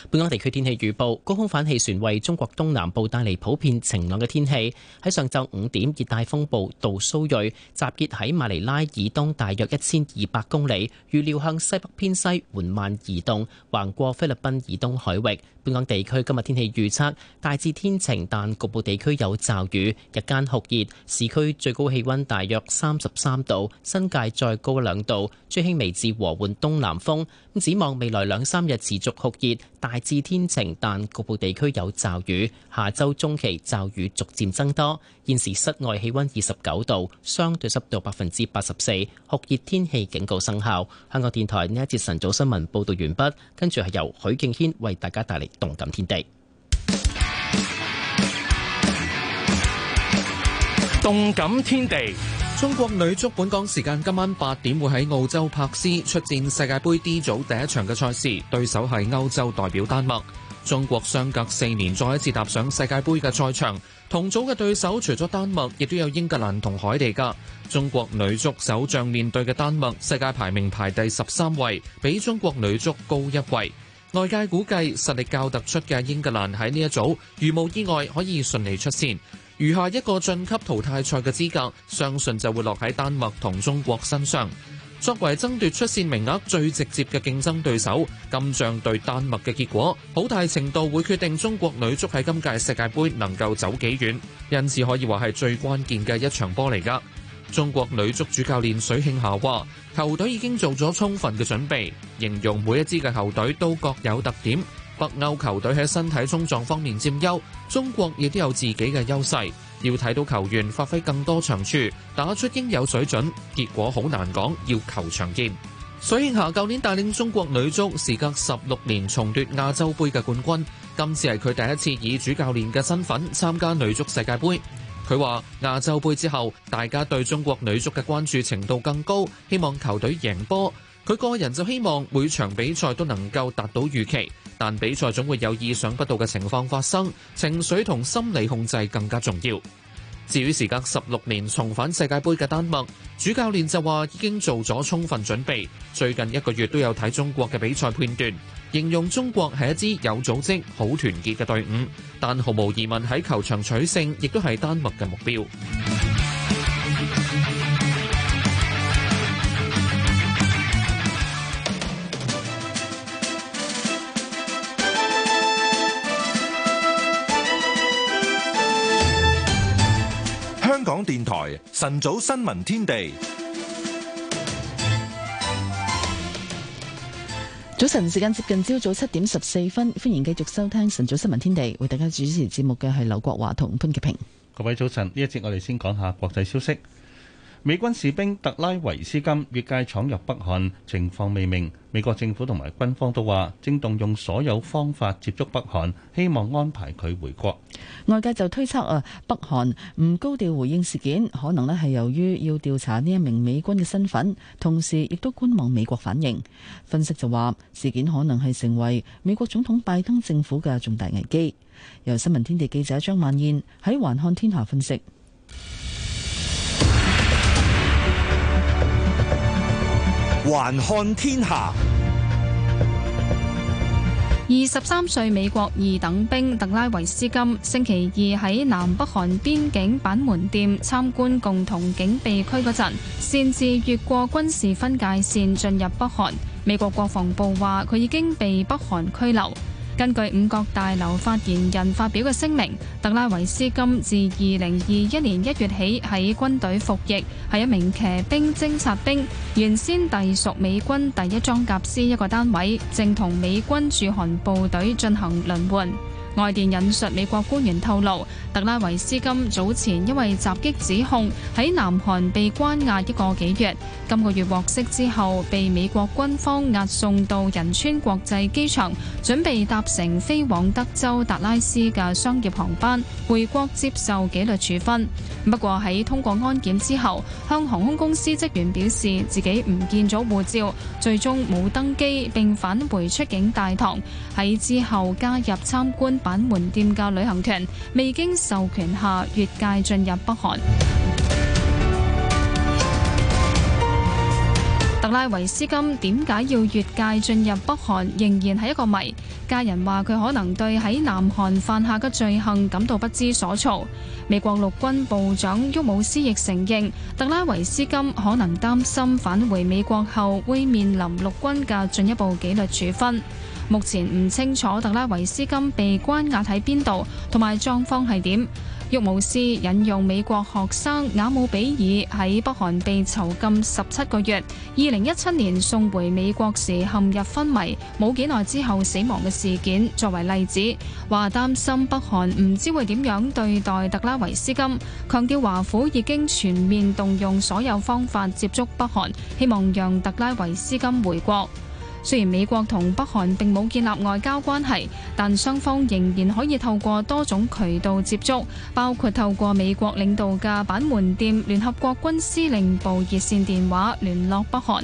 本港地區天氣預報：高空反氣旋為中國東南部帶嚟普遍晴朗嘅天氣。喺上晝五點，熱帶風暴杜蘇芮集結喺馬尼拉以東大約一千二百公里，預料向西北偏西緩慢移動，橫過菲律賓以東海域。本港地區今日天氣預測大致天晴，但局部地區有驟雨。日間酷熱，市區最高氣溫大約三十三度，新界再高兩度，吹輕微至和緩東南風。展望未來兩三日持續酷熱，大致天晴，但局部地區有驟雨。下週中期驟雨逐漸增多。現時室外氣溫二十九度，相對濕度百分之八十四，酷熱天氣警告生效。香港電台呢一節晨早新聞報道完畢，跟住係由許敬軒為大家帶嚟動感天地。動感天地。中國女足，本港時間今晚八點會喺澳洲柏斯出戰世界杯 D 組第一場嘅賽事，對手係歐洲代表丹麥。中國相隔四年再一次踏上世界杯嘅賽場，同組嘅對手除咗丹麥，亦都有英格蘭同海地噶。中國女足首仗面對嘅丹麥，世界排名排第十三位，比中國女足高一位。外界估計實力較突出嘅英格蘭喺呢一組，如無意外可以順利出線。餘下一個晉級淘汰賽嘅資格，相信就會落喺丹麥同中國身上。作為爭奪出線名額最直接嘅競爭對手，金像對丹麥嘅結果，好大程度會決定中國女足喺今屆世界盃能夠走幾遠。因此可以話係最關鍵嘅一場波嚟㗎。中國女足主教練水慶霞話：球隊已經做咗充分嘅準備，形容每一支嘅球隊都各有特點。北歐球隊喺身體衝撞方面佔優，中國亦都有自己嘅優勢，要睇到球員發揮更多長處，打出應有水準，結果好難講，要球場見。水慶霞舊年帶領中國女足，時隔十六年重奪亞洲杯嘅冠軍，今次係佢第一次以主教練嘅身份參加女足世界盃。佢話：亞洲杯之後，大家對中國女足嘅關注程度更高，希望球隊贏波。佢個人就希望每場比賽都能夠達到預期，但比賽總會有意想不到嘅情況發生，情緒同心理控制更加重要。至於時隔十六年重返世界盃嘅丹麥主教練就話已經做咗充分準備，最近一個月都有睇中國嘅比賽片段，形容中國係一支有組織、好團結嘅隊伍，但毫無疑問喺球場取勝亦都係丹麥嘅目標。港電台晨早新聞天地，早晨時間接近朝早七點十四分，歡迎繼續收聽晨早新聞天地，為大家主持節目嘅係劉國華同潘潔平。各位早晨，呢一節我哋先講下國際消息。美軍士兵特拉維斯金越界闖入北韓，情況未明。美國政府同埋軍方都話，正動用所有方法接觸北韓，希望安排佢回國。外界就推測啊，北韓唔高調回應事件，可能咧係由於要調查呢一名美軍嘅身份，同時亦都觀望美國反應。分析就話，事件可能係成為美國總統拜登政府嘅重大危機。由新聞天地記者張萬燕喺環看天下分析。環看天下。二十三歲美國二等兵特拉維斯金，星期二喺南北韓邊境板門店參觀共同警備區嗰陣，擅自越過軍事分界線進入北韓。美國國防部話佢已經被北韓拘留。根據五角大樓發言人發表嘅聲明，特拉維斯金自二零二一年一月起喺軍隊服役，係一名騎兵偵察兵，原先隸屬美軍第一裝甲師一個單位，正同美軍駐韓部隊進行輪換。外電引述美國官員透露，特拉維斯金早前因為襲擊指控喺南韓被關押一個幾月。今個月獲釋之後，被美國軍方押送到仁川國際機場，準備搭乘飛往德州達拉斯嘅商業航班回國接受紀律處分。不過喺通過安檢之後，向航空公司職員表示自己唔見咗護照，最終冇登機並返回出境大堂，喺之後加入參觀板門店嘅旅行團未經授權下越界進入北韓，特拉維斯金點解要越界進入北韓，仍然係一個謎。家人話佢可能對喺南韓犯下嘅罪行感到不知所措。美國陸軍部長沃姆斯亦承認，特拉維斯金可能擔心返回美國後會面臨陸軍嘅進一步紀律處分。目前唔清楚特拉維斯金被關押喺邊度，同埋狀況係點。沃姆斯引用美國學生雅姆比爾喺北韓被囚禁十七個月，二零一七年送回美國時陷入昏迷，冇幾耐之後死亡嘅事件作為例子，話擔心北韓唔知會點樣對待特拉維斯金，強調華府已經全面動用所有方法接觸北韓，希望讓特拉維斯金回國。雖然美國同北韓並冇建立外交關係，但雙方仍然可以透過多種渠道接觸，包括透過美國領導嘅板門店聯合國軍司令部熱線電話聯絡北韓。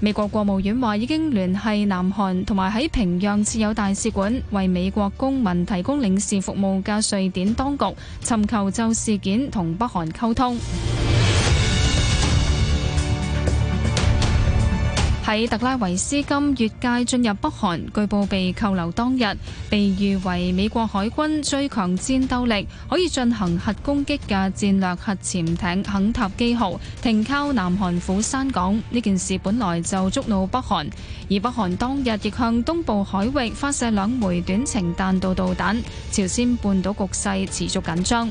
美國國務院話已經聯繫南韓同埋喺平壤設有大使館，為美國公民提供領事服務嘅瑞典當局，尋求就事件同北韓溝通。喺特拉維斯金越界進入北韓，據報被扣留當日，被譽為美國海軍最強戰鬥力、可以進行核攻擊嘅戰略核潛艇肯塔基號停靠南韓釜山港。呢件事本來就觸怒北韓，而北韓當日亦向東部海域發射兩枚短程彈道導彈，朝鮮半島局勢持續緊張。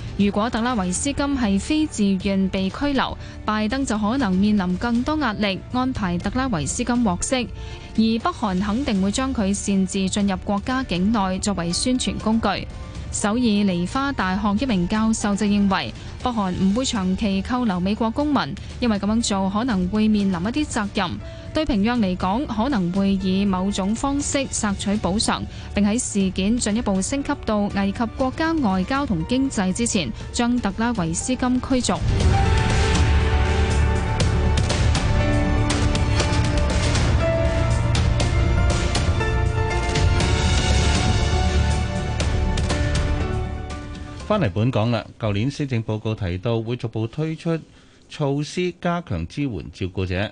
如果特拉維斯金係非自願被拘留，拜登就可能面臨更多壓力，安排特拉維斯金獲釋，而北韓肯定會將佢擅自進入國家境內作為宣傳工具。首爾梨花大學一名教授就認為，北韓唔會長期扣留美國公民，因為咁樣做可能會面臨一啲責任。對平壤嚟講，可能會以某種方式索取補償，並喺事件進一步升級到危及國家外交同經濟之前，將特拉維斯金驅逐。翻嚟本港啦，舊年施政報告提到會逐步推出措施，加強支援照顧者。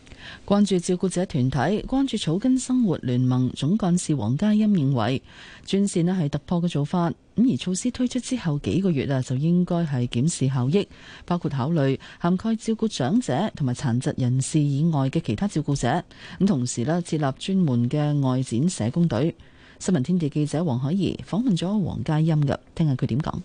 關注照顧者團體，關注草根生活聯盟總幹事黃嘉欣認為，專線呢係突破嘅做法。咁而措施推出之後幾個月啊，就應該係檢視效益，包括考慮涵蓋照顧長者同埋殘疾人士以外嘅其他照顧者。咁同時呢，設立專門嘅外展社工隊。新聞天地記者黃海怡訪問咗黃嘉欣噶，聽下佢點講。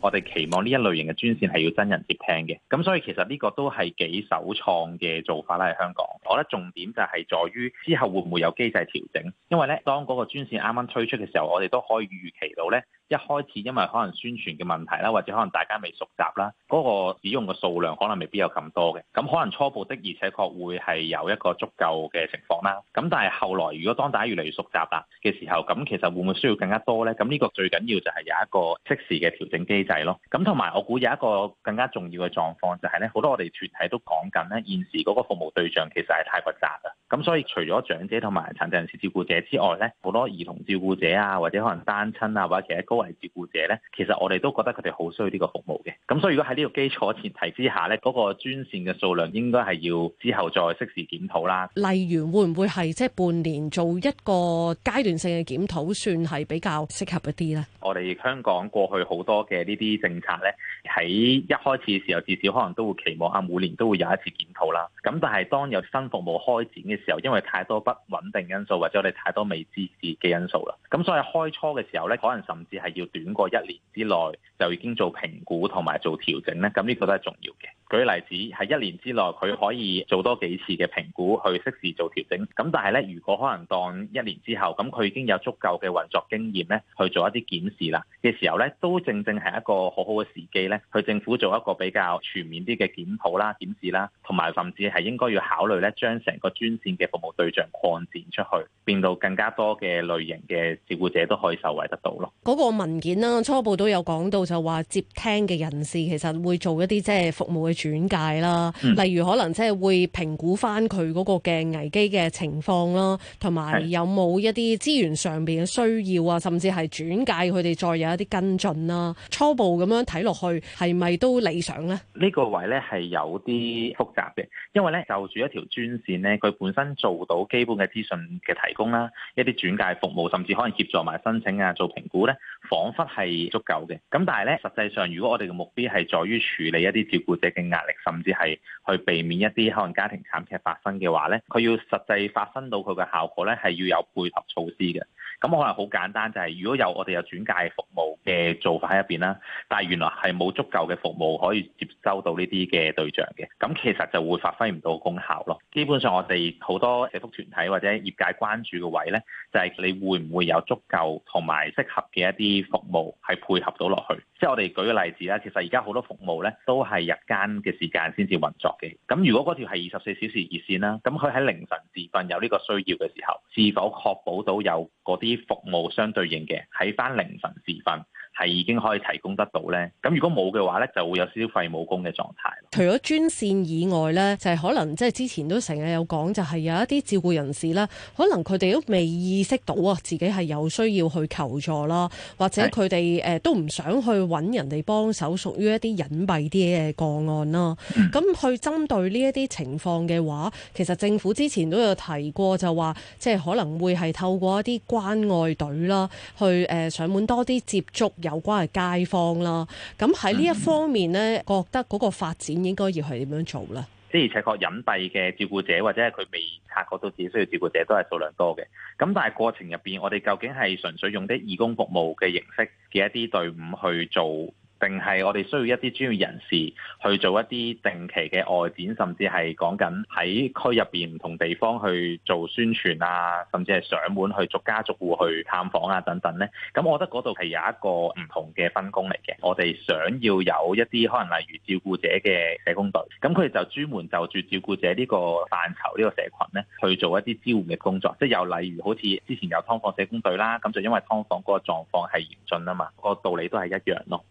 我哋期望呢一類型嘅專線係要真人接聽嘅，咁所以其實呢個都係幾首創嘅做法啦，喺香港。我覺得重點就係在於之後會唔會有機制調整，因為呢當嗰個專線啱啱推出嘅時候，我哋都可以預期到呢。一開始因為可能宣傳嘅問題啦，或者可能大家未熟習啦，嗰個使用嘅數量可能未必有咁多嘅，咁可能初步的而且確會係有一個足夠嘅情況啦。咁但係後來如果當大家越嚟越熟習啦嘅時候，咁其實會唔會需要更加多呢？咁呢個最緊要就係有一個即時嘅調整機制咯。咁同埋我估有一個更加重要嘅狀況就係咧，好多我哋團體都講緊咧，現時嗰個服務對象其實係太狹窄啦。咁所以除咗長者同埋殘疾人士照顧者之外咧，好多兒童照顧者啊，或者可能單親啊，或者其為照顧者咧，其實我哋都覺得佢哋好需要呢個服務嘅。咁所以如果喺呢個基礎前提之下咧，嗰個專線嘅數量應該係要之後再適時檢討啦。例如會唔會係即係半年做一個階段性嘅檢討，算係比較適合一啲咧？我哋香港過去好多嘅呢啲政策咧，喺一開始嘅時候至少可能都會期望啊，每年都會有一次檢討啦。咁但係當有新服務開展嘅時候，因為太多不穩定因素或者我哋太多未知事嘅因素啦，咁所以開初嘅時候咧，可能甚至係，要短過一年之內就已經做評估同埋做調整咧，咁呢個都係重要嘅。舉例子喺一年之內，佢可以做多幾次嘅評估，去適時做調整。咁但係咧，如果可能當一年之後，咁佢已經有足夠嘅運作經驗咧，去做一啲檢視啦嘅時候咧，都正正係一個好好嘅時機咧，去政府做一個比較全面啲嘅檢討啦、檢視啦，同埋甚至係應該要考慮咧，將成個專線嘅服務對象擴展出去，變到更加多嘅類型嘅照顧者都可以受惠得到咯。嗰個文件啦，初步都有講到就話接聽嘅人士其實會做一啲即係服務，轉介啦，嗯、例如可能即係會評估翻佢嗰個嘅危機嘅情況啦，同埋有冇一啲資源上邊嘅需要啊，甚至係轉介佢哋再有一啲跟進啦。初步咁樣睇落去係咪都理想呢？呢個位呢係有啲複雜嘅，因為呢就住一條專線呢，佢本身做到基本嘅資訊嘅提供啦，一啲轉介服務，甚至可能協助埋申請啊，做評估呢，仿佛係足夠嘅。咁但係呢，實際上如果我哋嘅目標係在於處理一啲照顧者嘅，壓力，甚至係去避免一啲可能家庭慘劇發生嘅話咧，佢要實際發生到佢嘅效果咧，係要有配合措施嘅。咁可能好簡單，就係如果有我哋有轉介服務嘅做法喺入邊啦，但係原來係冇足夠嘅服務可以接收到呢啲嘅對象嘅，咁其實就會發揮唔到功效咯。基本上我哋好多社福團體或者業界關注嘅位咧，就係你會唔會有足夠同埋適合嘅一啲服務係配合到落去？即係我哋舉個例子啦，其實而家好多服務咧都係日間嘅時間先至運作嘅。咁如果嗰條係二十四小時熱線啦，咁佢喺凌晨時分有呢個需要嘅時候，是否確保到有嗰啲？啲服務相對應嘅喺返凌晨時分係已經可以提供得到呢，咁如果冇嘅話呢，就會有消費武功嘅狀態。除咗專線以外呢就係、是、可能即係之前都成日有講，就係、是、有一啲照顧人士啦，可能佢哋都未意識到啊，自己係有需要去求助啦，或者佢哋誒都唔想去揾人哋幫手，屬於一啲隱蔽啲嘅個案啦。咁的去針對呢一啲情況嘅話，其實政府之前都有提過就，就話即係可能會係透過一啲關。外隊啦，去誒上門多啲接觸有關嘅街坊啦。咁喺呢一方面呢，覺得嗰個發展應該要係點樣做呢？即係確實隱蔽嘅照顧者，或者係佢未察覺到自己需要照顧者，都係數量多嘅。咁但係過程入邊，我哋究竟係純粹用啲義工服務嘅形式嘅一啲隊伍去做？定係我哋需要一啲專業人士去做一啲定期嘅外展，甚至係講緊喺區入邊唔同地方去做宣傳啊，甚至係上門去逐家逐戶去探訪啊等等呢。咁我覺得嗰度係有一個唔同嘅分工嚟嘅。我哋想要有一啲可能，例如照顧者嘅社工隊，咁佢哋就專門就住照顧者呢個範疇呢個社群呢去做一啲支援嘅工作。即係又例如好似之前有劏房社工隊啦，咁就因為劏房嗰個狀況係嚴峻啊嘛，個道理都係一樣咯。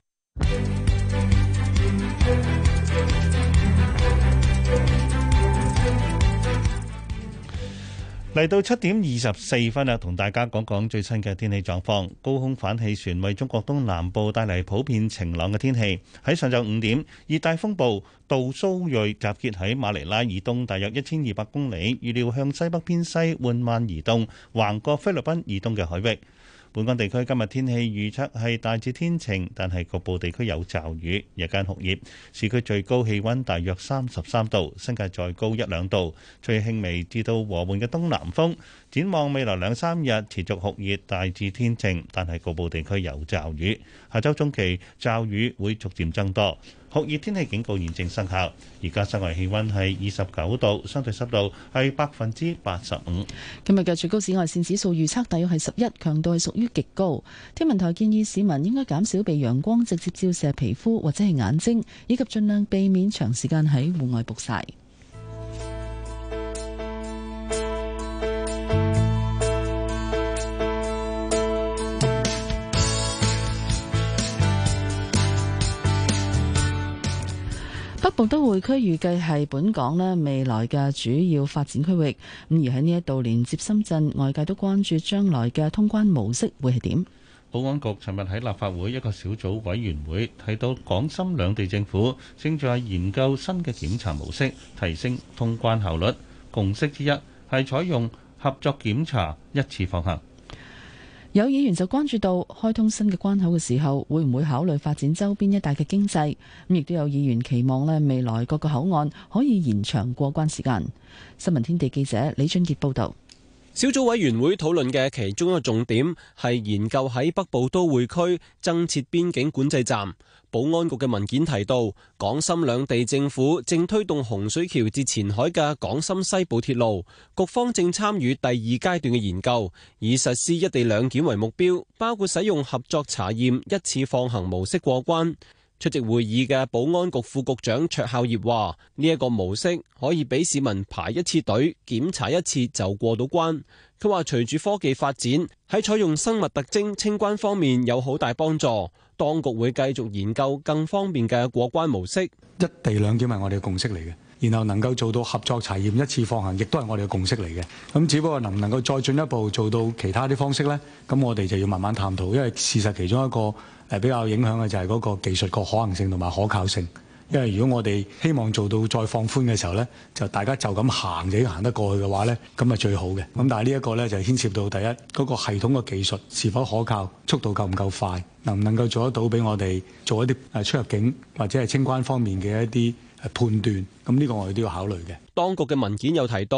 嚟到七點二十四分呀，同大家講講最新嘅天氣狀況。高空反氣旋為中國東南部帶嚟普遍晴朗嘅天氣。喺上晝五點，熱帶風暴杜蘇芮集結喺馬尼拉以東大約一千二百公里，預料向西北偏西緩慢移動，橫過菲律賓以東嘅海域。本港地區今日天氣預測係大致天晴，但係局部地區有驟雨，日間酷熱，市區最高氣温大約三十三度，新界再高一兩度，吹輕微至到和緩嘅東南風。展望未來兩三日持續酷熱，大致天晴，但係局部地區有驟雨。下周中期驟雨會逐漸增多。酷熱天氣警告現正生效，而家室外氣溫係二十九度，相對濕度係百分之八十五。今日嘅最高紫外線指數預測大約係十一，強度係屬於極高。天文台建議市民應該減少被陽光直接照射皮膚或者係眼睛，以及盡量避免長時間喺戶外曝曬。北都會區預計係本港咧未來嘅主要發展區域，咁而喺呢一度連接深圳，外界都關注將來嘅通關模式會係點。保安局尋日喺立法會一個小組委員會提到，港深兩地政府正在研究新嘅檢查模式，提升通關效率。共識之一係採用合作檢查，一次放行。有議員就關注到，開通新嘅關口嘅時候，會唔會考慮發展周邊一帶嘅經濟？咁亦都有議員期望呢，未來各個口岸可以延長過關時間。新聞天地記者李俊傑報道，小組委員會討論嘅其中一個重點係研究喺北部都會區增設邊境管制站。保安局嘅文件提到，港深兩地政府正推動洪水橋至前海嘅港深西部鐵路，局方正參與第二階段嘅研究，以實施一地兩檢為目標，包括使用合作查驗一次放行模式過關。出席會議嘅保安局副局長卓孝業話：呢一個模式可以俾市民排一次隊檢查一次就過到關。佢話隨住科技發展，喺採用生物特徵清關方面有好大幫助。當局會繼續研究更方便嘅過關模式，一地兩檢係我哋嘅共識嚟嘅，然後能夠做到合作查驗一次放行，亦都係我哋嘅共識嚟嘅。咁只不過能唔能夠再進一步做到其他啲方式呢？咁我哋就要慢慢探討，因為事實其中一個誒比較影響嘅就係嗰個技術個可行性同埋可靠性。因為如果我哋希望做到再放寬嘅時候呢，就大家就咁行就已經行得過去嘅話呢，咁咪最好嘅。咁但係呢一個呢，就牽涉到第一嗰個系統嘅技術是否可靠，速度夠唔夠快，能唔能夠做得到俾我哋做一啲誒出入境或者係清關方面嘅一啲判斷。咁呢個我哋都要考慮嘅。當局嘅文件有提到。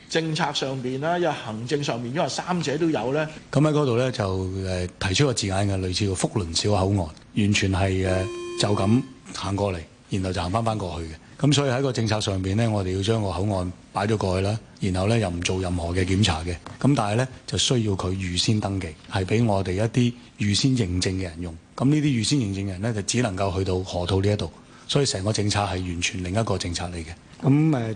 政策上面啦，又行政上面，因為三者都有咧。咁喺嗰度咧就誒提出個字眼嘅，類似叫福倫小口岸，完全係誒就咁行過嚟，然後就行翻翻過去嘅。咁所以喺個政策上邊咧，我哋要將個口岸擺咗過去啦，然後咧又唔做任何嘅檢查嘅。咁但係咧就需要佢預先登記，係俾我哋一啲預先認證嘅人用。咁呢啲預先認證嘅人咧就只能夠去到河套呢一度，所以成個政策係完全另一個政策嚟嘅。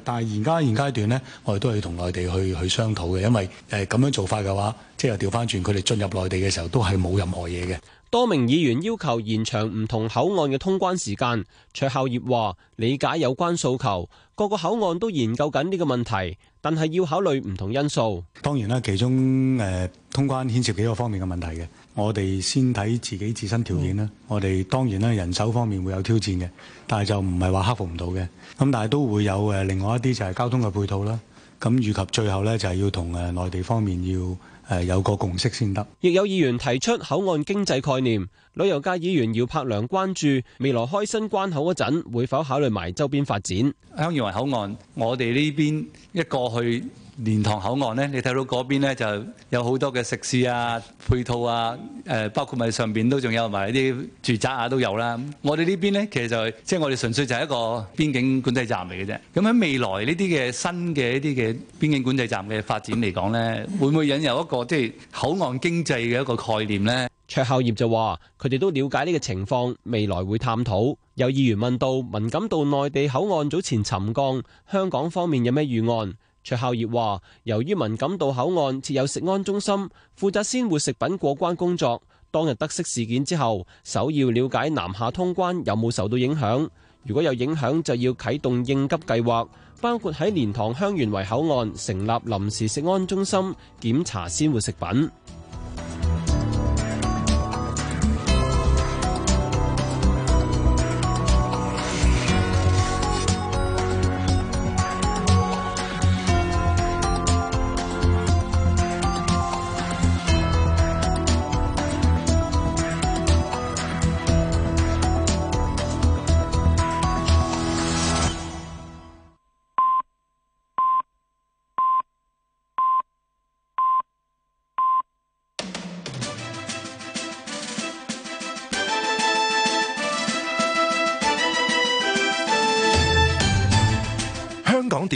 但係而家現階段呢，我哋都係同內地去，去商討嘅，因為誒咁樣做法嘅話，即係掉返轉佢哋進入內地嘅時候，都係冇任何嘢嘅。多名議員要求延長唔同口岸嘅通關時間，卓孝業話理解有關訴求，個個口岸都研究緊呢個問題，但係要考慮唔同因素。當然啦，其中誒通關牽涉幾個方面嘅問題嘅，我哋先睇自己自身條件啦。嗯、我哋當然啦，人手方面會有挑戰嘅，但係就唔係話克服唔到嘅。咁但係都會有誒另外一啲就係交通嘅配套啦，咁以及最後咧就係要同誒內地方面要。誒有個共識先得。亦有議員提出口岸經濟概念，旅遊界議員姚柏良關注未來開新關口嗰陣，會否考慮埋周邊發展？香園圍口岸，我哋呢邊一過去。蓮塘口岸呢，你睇到嗰邊咧，就有好多嘅食肆啊、配套啊，誒，包括咪上邊都仲有埋一啲住宅啊都有啦。我哋呢邊呢，其實就係即係我哋純粹就係一個邊境管制站嚟嘅啫。咁喺未來呢啲嘅新嘅一啲嘅邊境管制站嘅發展嚟講呢，會唔會引入一個即係口岸經濟嘅一個概念呢？卓孝業就話：佢哋都了解呢個情況，未來會探討。有議員問到：敏感到內地口岸早前沉降，香港方面有咩預案？卓孝業話，由於文錦渡口岸設有食安中心，負責鮮活食品過關工作。當日得悉事件之後，首要了解南下通關有冇受到影響。如果有影響，就要啟動應急計劃，包括喺蓮塘香園圍口岸成立臨時食安中心，檢查鮮活食品。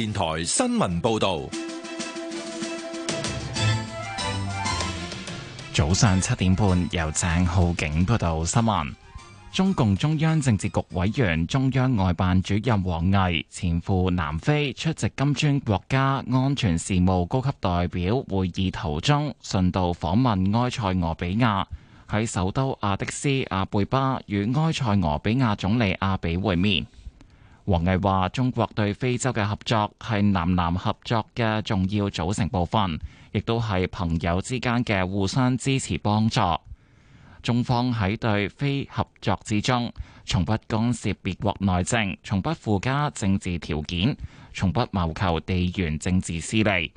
電台新聞報道，早上七點半由鄭浩景報道新聞。中共中央政治局委員、中央外辦主任王毅前赴南非出席金磚國家安全事務高級代表會議途中，順道訪問埃塞俄比亞，喺首都阿迪斯阿貝巴與埃塞俄比亞總理阿比會面。王毅話：中國對非洲嘅合作係南南合作嘅重要組成部分，亦都係朋友之間嘅互相支持幫助。中方喺對非合作之中，從不干涉別國內政，從不附加政治條件，從不謀求地緣政治私利。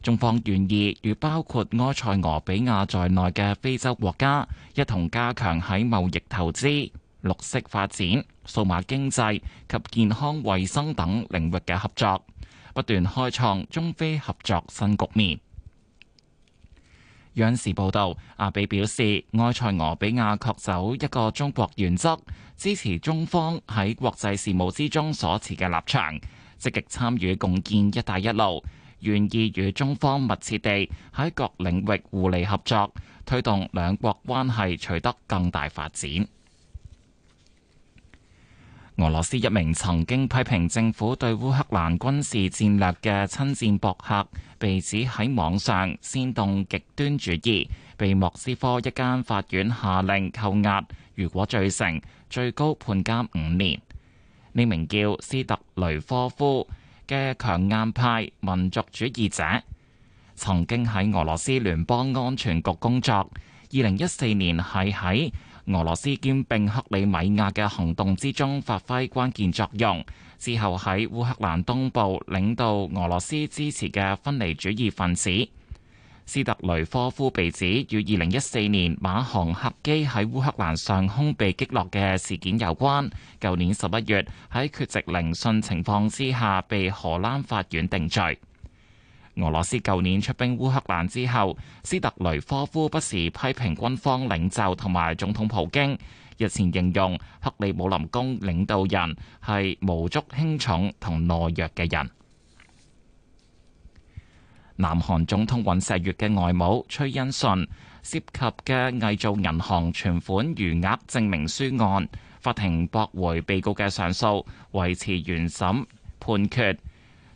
中方願意與包括埃塞俄比亞在內嘅非洲國家一同加強喺貿易、投資、綠色發展。數碼經濟及健康衛生等領域嘅合作，不斷開創中非合作新局面。央視報導，阿比表示，埃塞俄比亞確守一個中國原則，支持中方喺國際事務之中所持嘅立場，積極參與共建「一帶一路」，願意與中方密切地喺各領域互利合作，推動兩國關係取得更大發展。俄羅斯一名曾經批評政府對烏克蘭軍事戰略嘅親戰博客，被指喺網上煽動極端主義，被莫斯科一間法院下令扣押。如果罪成，最高判監五年。呢名叫斯特雷科夫嘅強硬派民族主義者，曾經喺俄羅斯聯邦安全局工作。二零一四年係喺俄羅斯兼並克里米亞嘅行動之中發揮關鍵作用，之後喺烏克蘭東部領導俄羅斯支持嘅分離主義分子。斯特雷科夫被指與二零一四年馬航客機喺烏克蘭上空被擊落嘅事件有關。舊年十一月，喺缺席聆訊情況之下，被荷蘭法院定罪。俄羅斯舊年出兵烏克蘭之後，斯特雷科夫不時批評軍方領袖同埋總統普京。日前形容克里姆林宮領導人係無足輕重同懦弱嘅人。南韓總統尹錫悅嘅外母崔恩順涉及嘅偽造銀行存款餘額證明書案，法庭駁回被告嘅上訴，維持原審判決。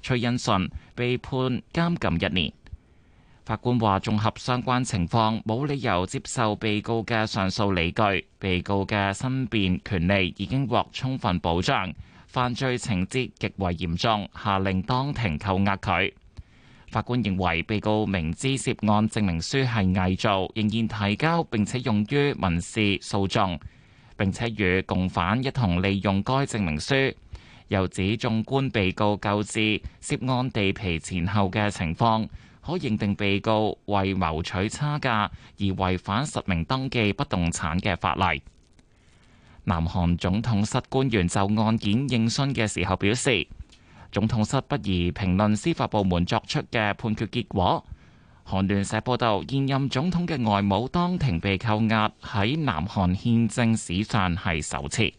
崔恩順。被判監禁一年。法官話：綜合相關情況，冇理由接受被告嘅上訴理據，被告嘅申辯權利已經獲充分保障。犯罪情節極為嚴重，下令當庭扣押佢。法官認為被告明知涉案證明書係偽造，仍然提交並且用於民事訴訟，並且與共犯一同利用該證明書。又指縱觀被告購置涉案地皮前後嘅情況，可認定被告為謀取差價而違反實名登記不動產嘅法例。南韓總統室官員就案件應訊嘅時候表示，總統室不宜評論司法部門作出嘅判決結果。韓聯社報道，現任總統嘅外母當庭被扣押喺南韓憲政史上係首次。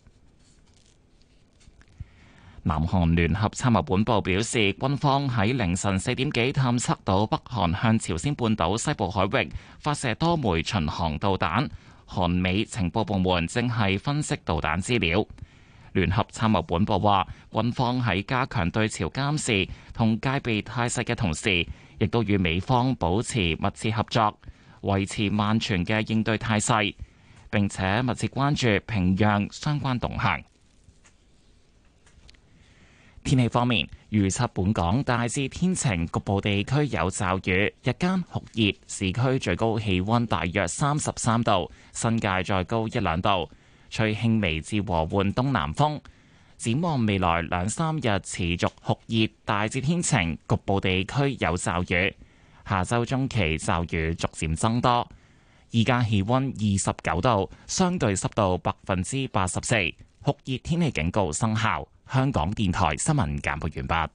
南韓聯合參謀本部表示，軍方喺凌晨四點幾探測到北韓向朝鮮半島西部海域發射多枚巡航導彈。韓美情報部門正係分析導彈資料。聯合參謀本部話，軍方喺加強對朝監視同戒備態勢嘅同時，亦都與美方保持密切合作，維持萬全嘅應對態勢，並且密切關注平壤相關動向。天氣方面，預測本港大致天晴，局部地區有驟雨，日間酷熱，市區最高氣溫大約三十三度，新界再高一兩度，吹輕微至和緩東南風。展望未來兩三日持續酷熱，大致天晴，局部地區有驟雨，下周中期驟雨逐漸增多。而家氣溫二十九度，相對濕度百分之八十四，酷熱天氣警告生效。香港電台新聞簡報完畢。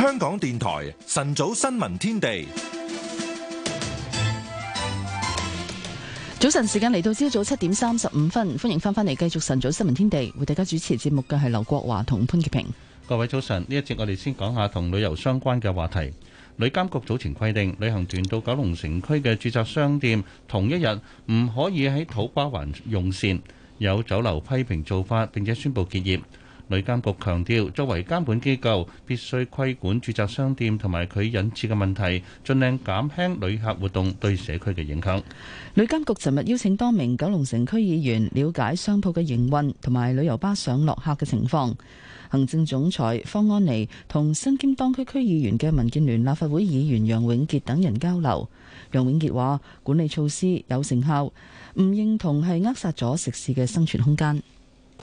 香港電台晨早新聞天地，早晨時間嚟到朝早七點三十五分，歡迎翻返嚟繼續晨早新聞天地，為大家主持節目嘅係劉國華同潘潔平。各位早晨，呢一節我哋先講下同旅遊相關嘅話題。旅監局早前規定，旅行團到九龍城區嘅註冊商店同一日唔可以喺土瓜灣用膳，有酒樓批評做法，並且宣布結業。旅監局強調，作為監管機構，必須規管註冊商店同埋佢引致嘅問題，盡量減輕旅客活動對社區嘅影響。旅監局尋日邀請多名九龍城區議員了解商鋪嘅營運同埋旅遊巴上落客嘅情況。行政總裁方安妮同身兼當區區議員嘅民建聯立法會議員楊永杰等人交流。楊永杰話：管理措施有成效，唔認同係扼殺咗食肆嘅生存空間。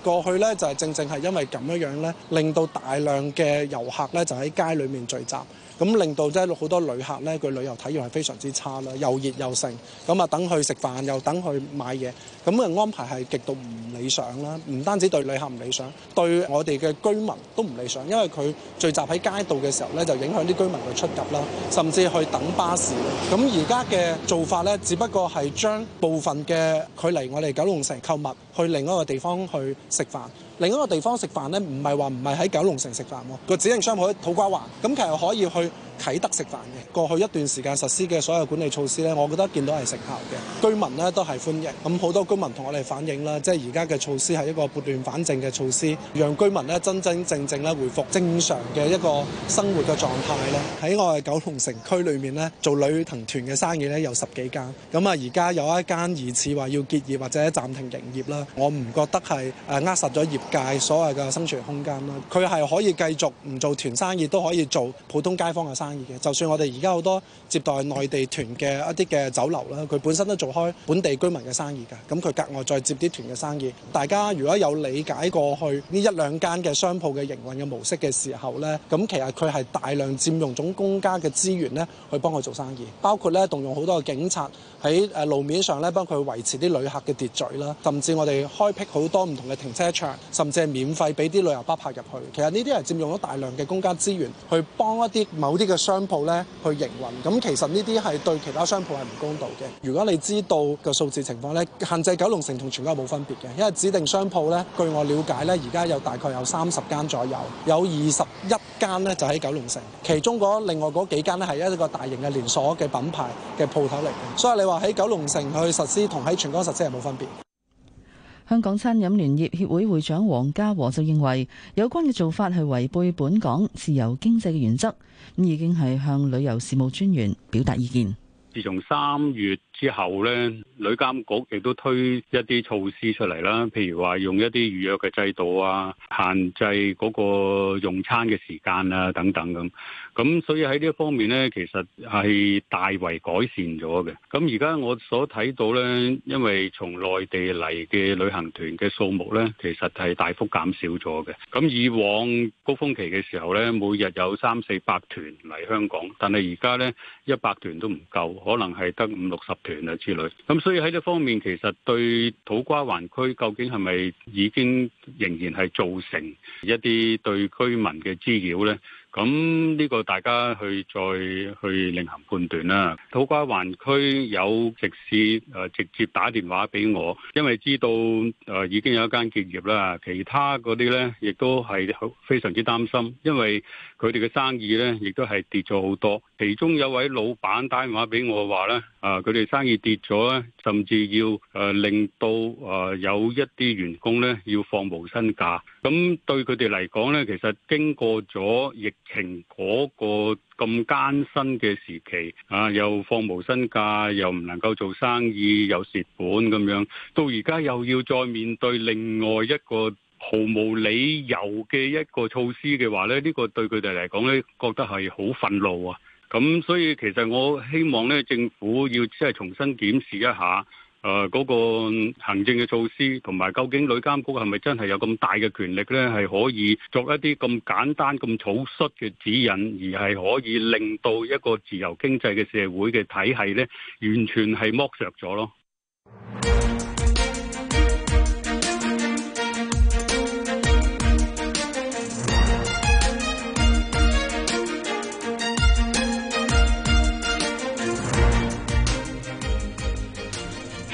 過去咧就係、是、正正係因為咁樣樣咧，令到大量嘅遊客咧就喺街裏面聚集，咁令到即係好多旅客咧佢旅遊體驗係非常之差啦，又熱又盛，咁、嗯、啊等佢食飯又等佢買嘢，咁、嗯、嘅安排係極度唔理想啦。唔單止對旅客唔理想，對我哋嘅居民都唔理想，因為佢聚集喺街道嘅時候咧，就影響啲居民去出入啦，甚至去等巴士。咁而家嘅做法咧，只不過係將部分嘅佢嚟我哋九龍城購物。去另一個地方去食飯，另一個地方食飯呢？唔係話唔係喺九龍城食飯喎，個指定商鋪喺土瓜灣咁，其實可以去。啟德食飯嘅過去一段時間實施嘅所有管理措施咧，我覺得見到係成效嘅，居民呢都係歡迎。咁好多居民同我哋反映啦，即係而家嘅措施係一個撥亂反正嘅措施，讓居民咧真真正正咧回復正常嘅一個生活嘅狀態咧。喺 我哋九龍城區裏面咧，做旅行團嘅生意咧有十幾間，咁啊而家有一間疑似話要結業或者暫停營業啦，我唔覺得係誒、啊、扼實咗業界所謂嘅生存空間啦。佢係可以繼續唔做團生意，都可以做普通街坊嘅生意。生意嘅，就算我哋而家好多接待內地團嘅一啲嘅酒樓啦，佢本身都做開本地居民嘅生意㗎，咁佢格外再接啲團嘅生意。大家如果有理解過去呢一兩間嘅商鋪嘅營運嘅模式嘅時候呢，咁其實佢係大量佔用總公家嘅資源呢去幫佢做生意，包括呢動用好多嘅警察。喺誒路面上咧，幫佢維持啲旅客嘅秩序啦，甚至我哋開辟好多唔同嘅停車場，甚至係免費俾啲旅遊巴泊入去。其實呢啲係佔用咗大量嘅公家資源，去幫一啲某啲嘅商鋪咧去營運。咁其實呢啲係對其他商鋪係唔公道嘅。如果你知道個數字情況咧，限制九龍城同全港冇分別嘅，因為指定商鋪咧，據我了解咧，而家有大概有三十間左右，有二十一間咧就喺九龍城，其中嗰另外嗰幾間咧係一個大型嘅連鎖嘅品牌嘅鋪頭嚟嘅，所以你。話喺九龍城去實施，同喺全港實施係冇分別。香港餐飲聯業協會會長黃家和就認為，有關嘅做法係違背本港自由經濟嘅原則，咁已經係向旅遊事務專員表達意見。自從三月之後呢，旅監局亦都推一啲措施出嚟啦，譬如話用一啲預約嘅制度啊，限制嗰個用餐嘅時間啊，等等咁。咁所以喺呢一方面呢，其實係大為改善咗嘅。咁而家我所睇到呢，因為從內地嚟嘅旅行團嘅數目呢，其實係大幅減少咗嘅。咁以往高峰期嘅時候呢，每日有三四百團嚟香港，但係而家呢，一百團都唔夠，可能係得五六十團啊之類。咁所以喺呢方面，其實對土瓜灣區究竟係咪已經仍然係造成一啲對居民嘅滋擾呢？咁呢個大家去再去另行判斷啦。土瓜灣區有直士，誒直接打電話俾我，因為知道誒，已經有一間結業啦。其他嗰啲呢亦都係好非常之擔心，因為佢哋嘅生意呢亦都係跌咗好多。其中有位老闆打電話俾我話呢，啊佢哋生意跌咗呢，甚至要誒令到誒有一啲員工呢要放無薪假。咁對佢哋嚟講呢，其實經過咗疫情嗰個咁艱辛嘅時期，啊，又放無薪假，又唔能夠做生意，又蝕本咁樣，到而家又要再面對另外一個毫無理由嘅一個措施嘅話呢，呢個對佢哋嚟講呢覺得係好憤怒啊！咁所以其實我希望呢政府要即係重新檢視一下。誒嗰、呃嗰個行政嘅措施，同埋究竟旅監局係咪真係有咁大嘅權力呢，係可以作一啲咁簡單、咁草率嘅指引，而係可以令到一個自由經濟嘅社會嘅體系呢，完全係剝削咗咯。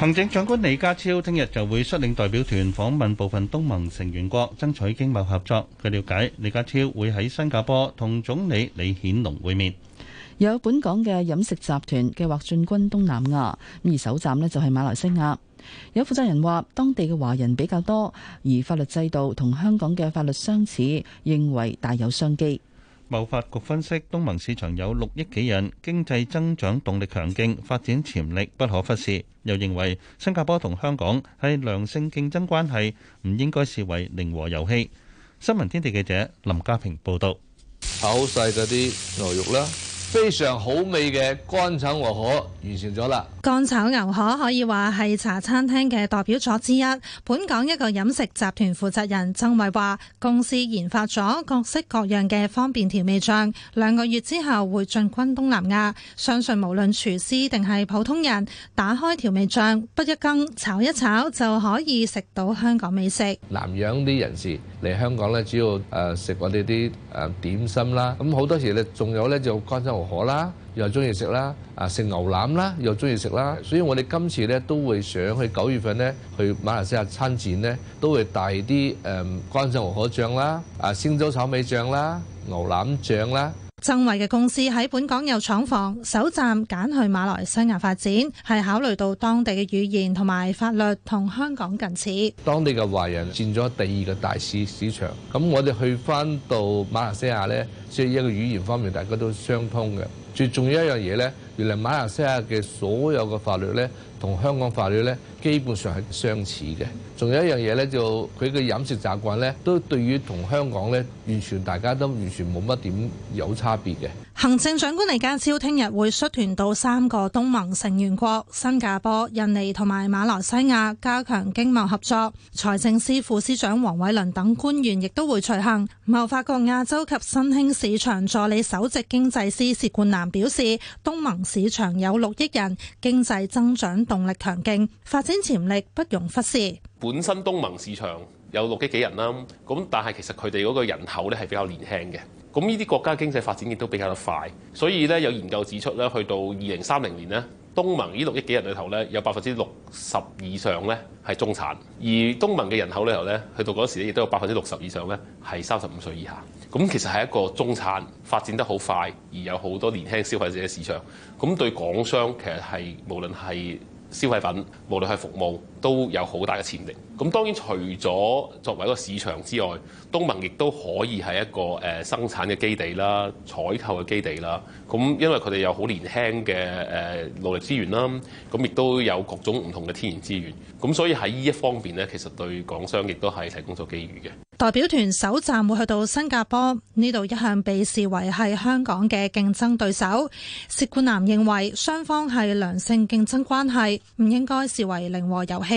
行政長官李家超聽日就會率領代表團訪問部分東盟成員國，爭取經貿合作。據了解，李家超會喺新加坡同總理李顯龍會面。有本港嘅飲食集團計劃進軍東南亞，而首站咧就係馬來西亞。有負責人話，當地嘅華人比較多，而法律制度同香港嘅法律相似，認為大有商機。貿發局分析，東盟市場有六億幾人，經濟增長動力強勁，發展潛力不可忽視。又認為新加坡同香港係良性競爭關係，唔應該視為零和遊戲。新聞天地記者林家平報道。好細嗰啲牛肉啦～非常好味嘅乾炒牛河完成咗啦！乾炒牛河可以話係茶餐廳嘅代表作之一。本港一個飲食集團負責人曾偉話，公司研發咗各式各樣嘅方便調味醬，兩個月之後會進軍東南亞。相信無論廚師定係普通人，打開調味醬，不一羹炒一炒就可以食到香港美食。南洋啲人士嚟香港咧，主要誒食我哋啲誒點心啦。咁好多時咧，仲有咧就乾。河啦、啊，又中意食啦，啊食牛腩啦，又中意食啦，所以我哋今次咧都會上去九月份咧去馬來西亞參展咧，都會帶啲誒乾炒牛河醬啦，啊星洲炒米醬啦、啊，牛腩醬啦。的曾偉嘅公司喺本港有廠房，首站揀去馬來西亞發展，係考慮到當地嘅語言同埋法律同香港近似。當地嘅華人佔咗第二個大市市場，咁我哋去返到馬來西亞呢，即係一個語言方面大家都相通嘅。最重要一樣嘢呢，原來馬來西亞嘅所有嘅法律呢，同香港法律呢。基本上係相似嘅，仲有一樣嘢咧，就佢嘅飲食習慣咧，都對於同香港咧，完全大家都完全冇乜點有差別嘅。行政長官李家超聽日會率團到三個東盟成員國新加坡、印尼同埋馬來西亞加強經貿合作。財政司副司長黃偉倫等官員亦都會隨行。貿發局亞洲及新興市場助理首席經濟師薛冠南表示，東盟市場有六億人，經濟增長動力強勁，發展。潛力不容忽視。本身東盟市場有六億幾人啦，咁但係其實佢哋嗰個人口咧係比較年輕嘅。咁呢啲國家經濟發展亦都比較快，所以咧有研究指出咧，去到二零三零年咧，東盟呢六億幾人裏頭咧，有百分之六十以上咧係中產。而東盟嘅人口裏頭咧，去到嗰時咧亦都有百分之六十以上咧係三十五歲以下。咁其實係一個中產發展得好快，而有好多年輕消費者嘅市場。咁對港商其實係無論係消費品，無論係服務，都有好大嘅潛力。咁當然除咗作為一個市場之外，東盟亦都可以係一個誒生產嘅基地啦，採購嘅基地啦。咁因為佢哋有好年輕嘅誒勞力資源啦，咁亦都有各種唔同嘅天然資源。咁所以喺呢一方面咧，其實對港商亦都係提供咗機遇嘅。代表團首站會去到新加坡，呢度一向被視為係香港嘅競爭對手。薛冠南認為雙方係良性競爭關係，唔應該視為零和遊戲。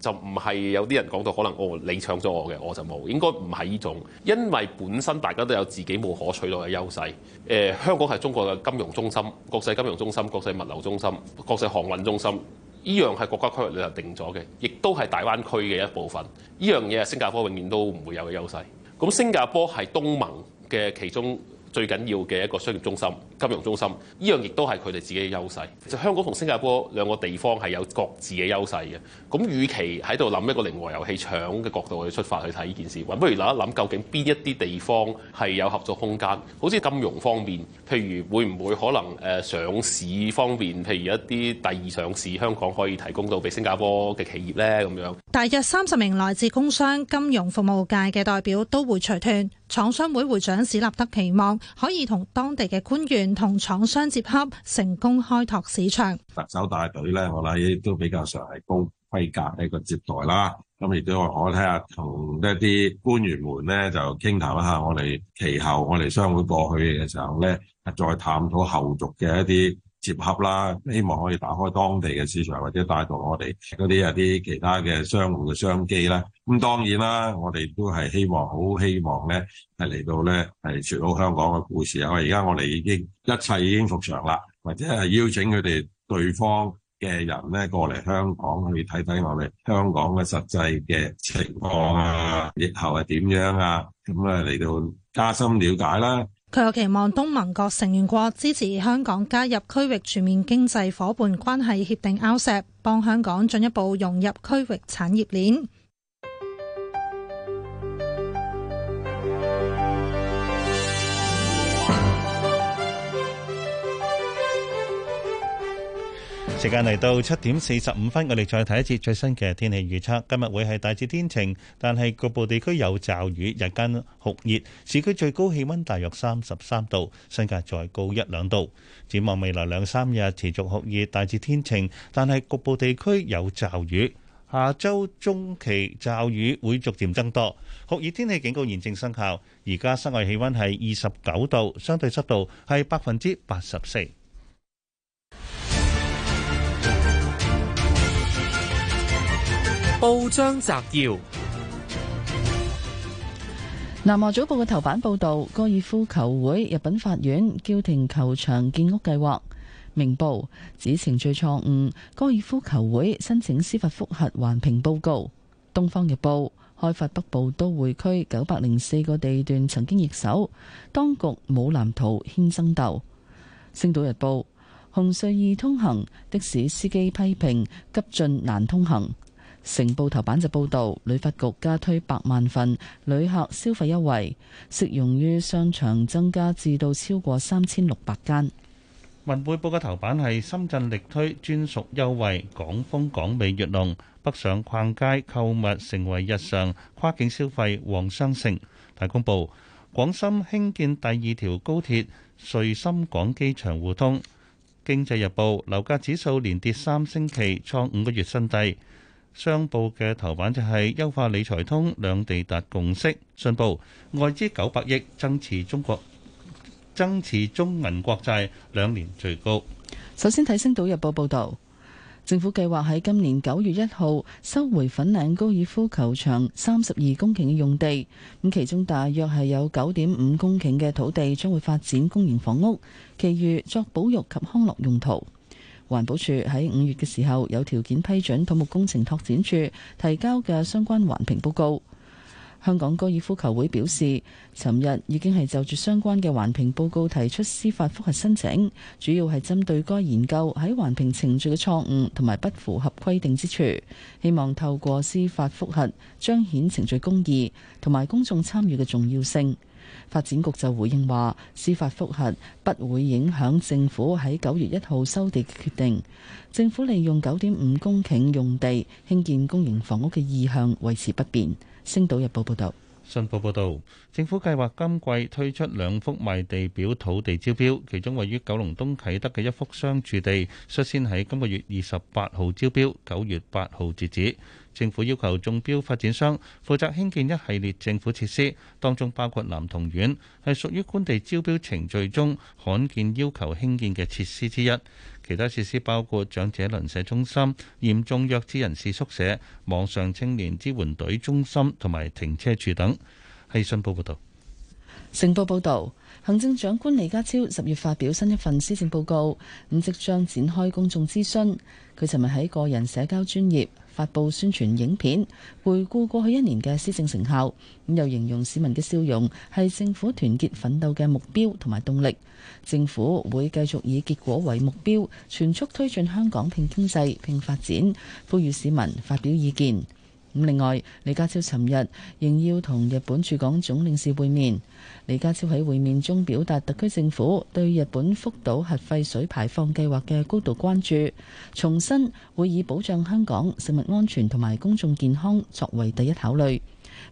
就唔係有啲人講到可能哦，你搶咗我嘅，我就冇，應該唔係呢種，因為本身大家都有自己冇可取代嘅優勢。誒，香港係中國嘅金融中心、國際金融中心、國際物流中心、國際航運中心，呢樣係國家區域裏頭定咗嘅，亦都係大灣區嘅一部分。呢樣嘢係新加坡永遠都唔會有嘅優勢。咁新加坡係東盟嘅其中。最緊要嘅一個商業中心、金融中心，呢樣亦都係佢哋自己嘅優勢。其實香港同新加坡兩個地方係有各自嘅優勢嘅。咁，與其喺度諗一個零和遊戲搶嘅角度去出發去睇呢件事，咁不如諗一諗究竟邊一啲地方係有合作空間？好似金融方面，譬如會唔會可能誒上市方面，譬如一啲第二上市，香港可以提供到俾新加坡嘅企業呢？咁樣。大約三十名來自工商、金融服務界嘅代表都會隨團。廠商會會長史立德期望可以同當地嘅官員同廠商接洽，成功開拓市場。特首帶隊咧，我諗呢都比較上係高規格嘅一個接待啦。咁亦都我睇下同一啲官員們咧就傾談一下我，我哋其後我哋商會過去嘅時候咧，再探討後續嘅一啲。結合啦，希望可以打開當地嘅市場，或者帶動我哋嗰啲有啲其他嘅商戶嘅商機啦。咁、嗯、當然啦，我哋都係希望，好希望咧係嚟到咧係説好香港嘅故事啊！而家我哋已經一切已經復常啦，或者係邀請佢哋對方嘅人咧過嚟香港去睇睇我哋香港嘅實際嘅情況啊，以後係點樣啊？咁啊嚟到加深了解啦。佢又期望東盟各成員國支持香港加入區域全面經濟夥伴關係協定 RCEP，幫香港進一步融入區域產業鏈。時間嚟到七點四十五分，我哋再睇一次最新嘅天氣預測。今日會係大致天晴，但係局部地區有驟雨，日間酷熱，市區最高氣温大約三十三度，新界再高一兩度。展望未來兩三日持續酷熱、大致天晴，但係局部地區有驟雨。下週中期驟雨會逐漸增多，酷熱天氣警告現正生效。而家室外氣温係二十九度，相對濕度係百分之八十四。報章摘要：南華早報嘅頭版報道，高爾夫球會入稟法院，叫停球場建屋計劃。明報指程序錯誤，高爾夫球會申請司法覆核，環評報告。東方日報，開發北部都會區九百零四個地段，曾經易手，當局冇藍圖，牽爭鬥。星島日報紅隧易通行，的士司機批評急進難通行。城報頭版就報道，旅發局加推百萬份旅客消費優惠，適用於商場增加至到超過三千六百間。文匯報嘅頭版係，深圳力推專屬優惠，港風港味越濃，北上逛街購物成為日常跨境消費旺商城。大公報廣深興建第二條高鐵穗深港機場互通。經濟日報樓價指數連跌三星期，創五個月新低。商報嘅頭版就係優化理財通，兩地達共識。信報外資九百億增持中國增持中銀國債兩年最高。首先睇《星島日報》報道，政府計劃喺今年九月一號收回粉嶺高爾夫球場三十二公頃嘅用地，咁其中大約係有九點五公頃嘅土地將會發展公營房屋，其餘作保育及康樂用途。環保署喺五月嘅時候有條件批准土木工程拓展署，提交嘅相關環評報告。香港哥爾夫球會表示，尋日已經係就住相關嘅環評報告提出司法覆核申請，主要係針對該研究喺環評程序嘅錯誤同埋不符合規定之處，希望透過司法覆核彰顯程序公義同埋公眾參與嘅重要性。發展局就回應話，司法覆核不會影響政府喺九月一號收地決定。政府利用九點五公頃用地興建公營房屋嘅意向維持不變。星島日報報導，信報報導，政府計劃今季推出兩幅賣地表土地招標，其中位於九龍東啟德嘅一幅商住地，率先喺今個月二十八號招標，九月八號截止。政府要求中標發展商負責興建一系列政府設施，當中包括南同苑，係屬於官地招標程序中罕見要求興建嘅設施之一。其他設施包括長者鄰舍中心、嚴重弱智人士宿舍、網上青年支援隊中心同埋停車處等。係信報報道。成報報道，行政長官李家超十月發表新一份施政報告，咁即將展開公眾諮詢，佢尋日喺個人社交專業。發佈宣傳影片，回顧過去一年嘅施政成效，咁又形容市民嘅笑容係政府團結奮鬥嘅目標同埋動力。政府會繼續以結果為目標，全速推進香港拼經濟、拼發展，呼籲市民發表意見。咁另外，李家超尋日仍要同日本駐港總領事會面。李家超喺會面中表達特區政府對日本福島核廢水排放計劃嘅高度關注，重申會以保障香港食物安全同埋公眾健康作為第一考慮。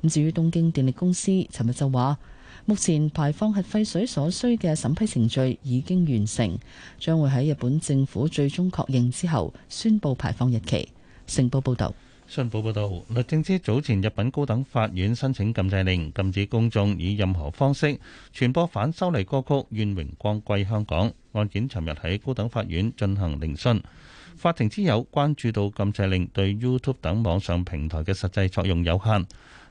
咁至於東京電力公司，尋日就話，目前排放核廢水所需嘅審批程序已經完成，將會喺日本政府最終確認之後宣布排放日期。成報報道。信報報道，律政司早前入禀高等法院申請禁制令，禁止公眾以任何方式傳播反修例歌曲《願榮光歸香港》。案件尋日喺高等法院進行聆訊，法庭之友關注到禁制令對 YouTube 等網上平台嘅實際作用有限。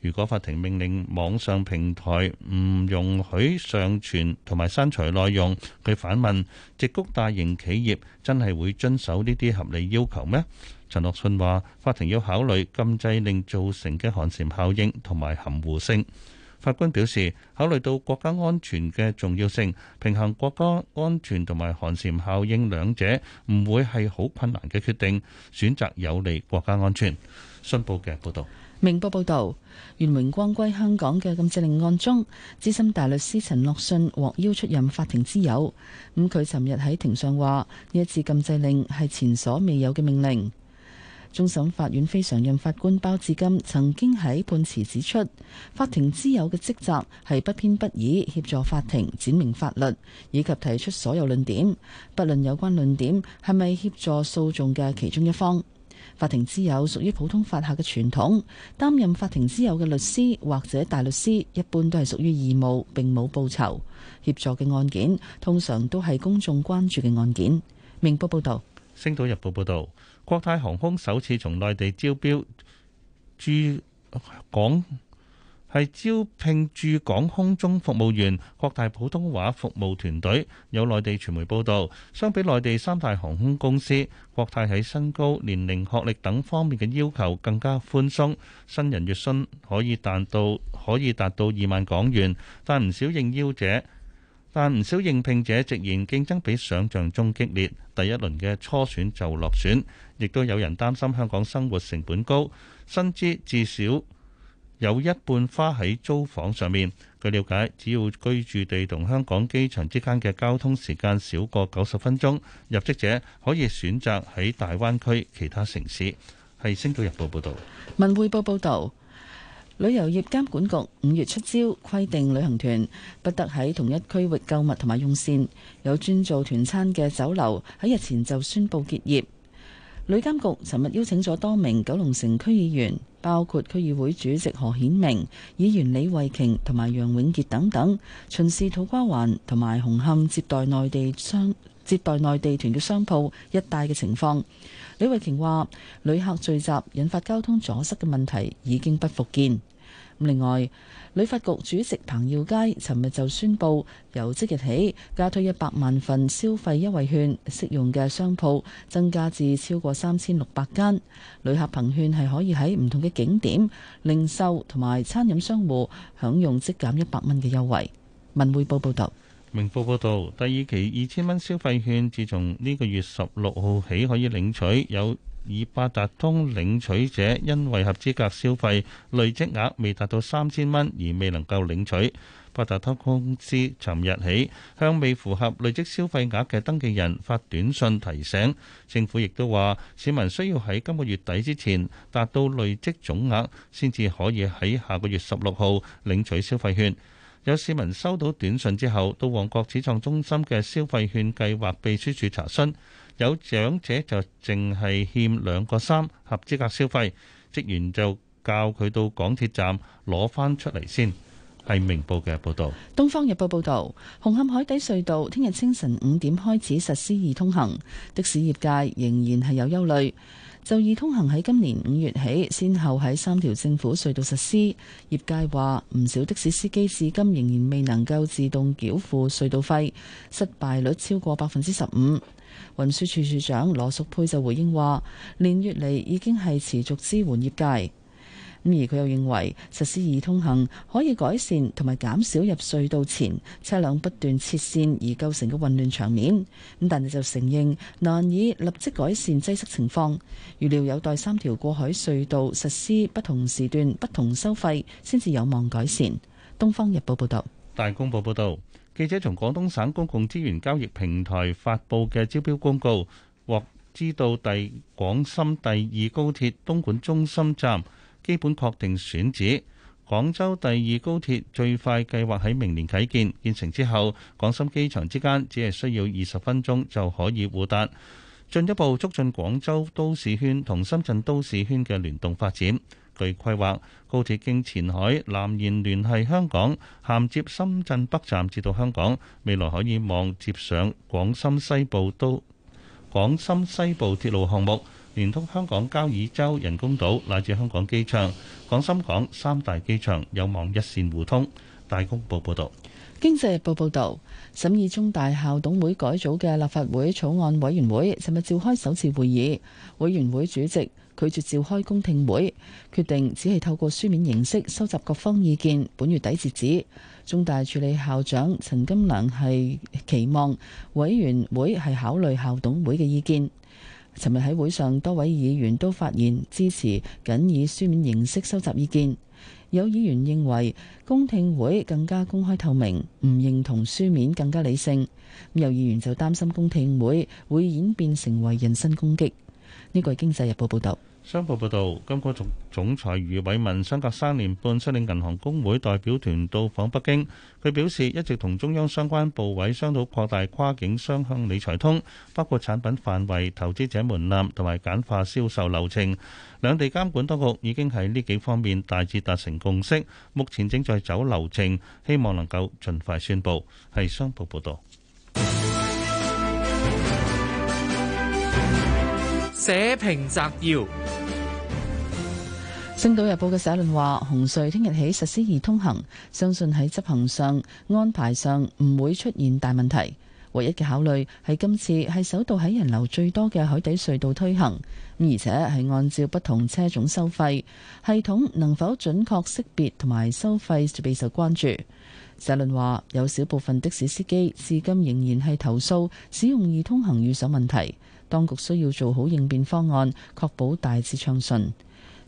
如果法庭命令網上平台唔容許上傳同埋刪除內容，佢反問，直谷大型企業真係會遵守呢啲合理要求咩？陳樂迅話法庭要考慮禁制令造成嘅寒蟬效應同埋含糊性。法官表示，考慮到國家安全嘅重要性，平衡國家安全同埋寒蟬效應兩者，唔會係好困難嘅決定，選擇有利國家安全。信報嘅報道，明報報道。願榮光歸香港嘅禁制令案中，資深大律師陳樂信獲邀出任法庭之友。咁佢尋日喺庭上話：呢一次禁制令係前所未有嘅命令。終審法院非常任法官包致金，曾經喺判詞指出，法庭之友嘅職責係不偏不倚協助法庭闡明法律以及提出所有論點，不論有關論點係咪協助訴訟嘅其中一方。法庭之友屬於普通法下嘅傳統，擔任法庭之友嘅律師或者大律師，一般都係屬於義務並冇報酬。協助嘅案件通常都係公眾關注嘅案件。明報報道。《星島日報》報道，國泰航空首次從內地招標駐港。係招聘駐港空中服務員，國泰普通話服務團隊，有內地傳媒報道。相比內地三大航空公司，國泰喺身高、年齡、學歷等方面嘅要求更加寬鬆，新人月薪可以達到可以達到二萬港元。但唔少應邀者，但唔少應聘者直言競爭比想像中激烈，第一輪嘅初選就落選。亦都有人擔心香港生活成本高，薪資至，至少。有一半花喺租房上面。據了解，只要居住地同香港機場之間嘅交通時間少過九十分鐘，入職者可以選擇喺大灣區其他城市。係《星島日報》報道。《文匯報》報道，旅遊業監管局五月出招，規定旅行團不得喺同一區域購物同埋用膳。有專做團餐嘅酒樓喺日前就宣布結業。旅監局尋日邀請咗多名九龍城區議員，包括區議會主席何顯明、議員李慧瓊同埋楊永傑等等，巡視土瓜灣同埋紅磡接待內地商接待內地團嘅商鋪一帶嘅情況。李慧瓊話：旅客聚集引發交通阻塞嘅問題已經不復見。另外，旅發局主席彭耀佳尋日就宣布，由即日起加推一百萬份消費優惠券，適用嘅商鋪增加至超過三千六百間。旅客憑券係可以喺唔同嘅景點、零售同埋餐飲商戶享用即減一百蚊嘅優惠。文匯報報道，明報報道，第二期二千蚊消費券自從呢個月十六號起可以領取，有以八達通領取者，因為合資格消費累積額未達到三千蚊而未能夠領取，八達通公司尋日起向未符合累積消費額嘅登記人發短信提醒。政府亦都話，市民需要喺今個月底之前達到累積總額，先至可以喺下個月十六號領取消費券。有市民收到短信之後，到旺角始創中心嘅消費券計劃秘書處查詢。有長者就淨係欠兩個三合資格消費，職員就教佢到港鐵站攞返出嚟先。係明報嘅報導。《東方日報》報道，紅磡海底隧道聽日清晨五點開始實施易通行，的士業界仍然係有憂慮。就易通行喺今年五月起，先後喺三條政府隧道實施，業界話唔少的士司機至今仍然未能夠自動繳付隧道費，失敗率超過百分之十五。運輸署署長羅淑佩就回應話：年月嚟已經係持續支援業界。咁而佢又認為實施易通行可以改善同埋減少入隧道前車輛不斷切線而構成嘅混亂場面。咁但係就承認難以立即改善擠塞情況，預料有待三條過海隧道實施不同時段不同收費，先至有望改善。《東方日報》報道。《大公報》報道。記者從廣東省公共資源交易平台發布嘅招標公告，獲知道第廣深第二高鐵東莞中心站基本確定選址。廣州第二高鐵最快計劃喺明年啟建，建成之後，廣深機場之間只係需要二十分鐘就可以互達，進一步促進廣州都市圈同深圳都市圈嘅聯動發展。據規劃，高鐵經前海、南延聯繫香港，銜接深圳北站，至到香港，未來可以望接上廣深西部都廣深西部鐵路項目，連通香港交椅洲人工島乃至香港機場、廣深港三大機場，有望一線互通。大公報報道，《經濟日報》報道，審議中大校董會改組嘅立法會草案委員會，尋日召開首次會議，委員會主席。拒絕召開公聽會，決定只係透過書面形式收集各方意見。本月底截止。中大處理校長陳金良係期望委員會係考慮校董會嘅意見。尋日喺會上，多位議員都發言支持僅以書面形式收集意見。有議員認為公聽會更加公開透明，唔認同書面更加理性。咁有議員就擔心公聽會會演變成為人身攻擊。呢個係《經濟日報》報導。商報報道，金管局總裁余偉文相隔三年半率領銀行工會代表團到訪北京。佢表示，一直同中央相關部委商討擴大跨境雙向理財通，包括產品範圍、投資者門檻同埋簡化銷售流程。兩地監管當局已經喺呢幾方面大致達成共識，目前正在走流程，希望能夠盡快宣布。係商報報道。寫評摘要，《星島日報》嘅社論話，紅隧聽日起實施易通行，相信喺執行上、安排上唔會出現大問題。唯一嘅考慮係今次係首度喺人流最多嘅海底隧道推行，而且係按照不同車種收費，系統能否準確識別同埋收費就備受關注。社論話，有少部分的士司機至今仍然係投訴使用易通行遇上問題。當局需要做好應變方案，確保大致暢順。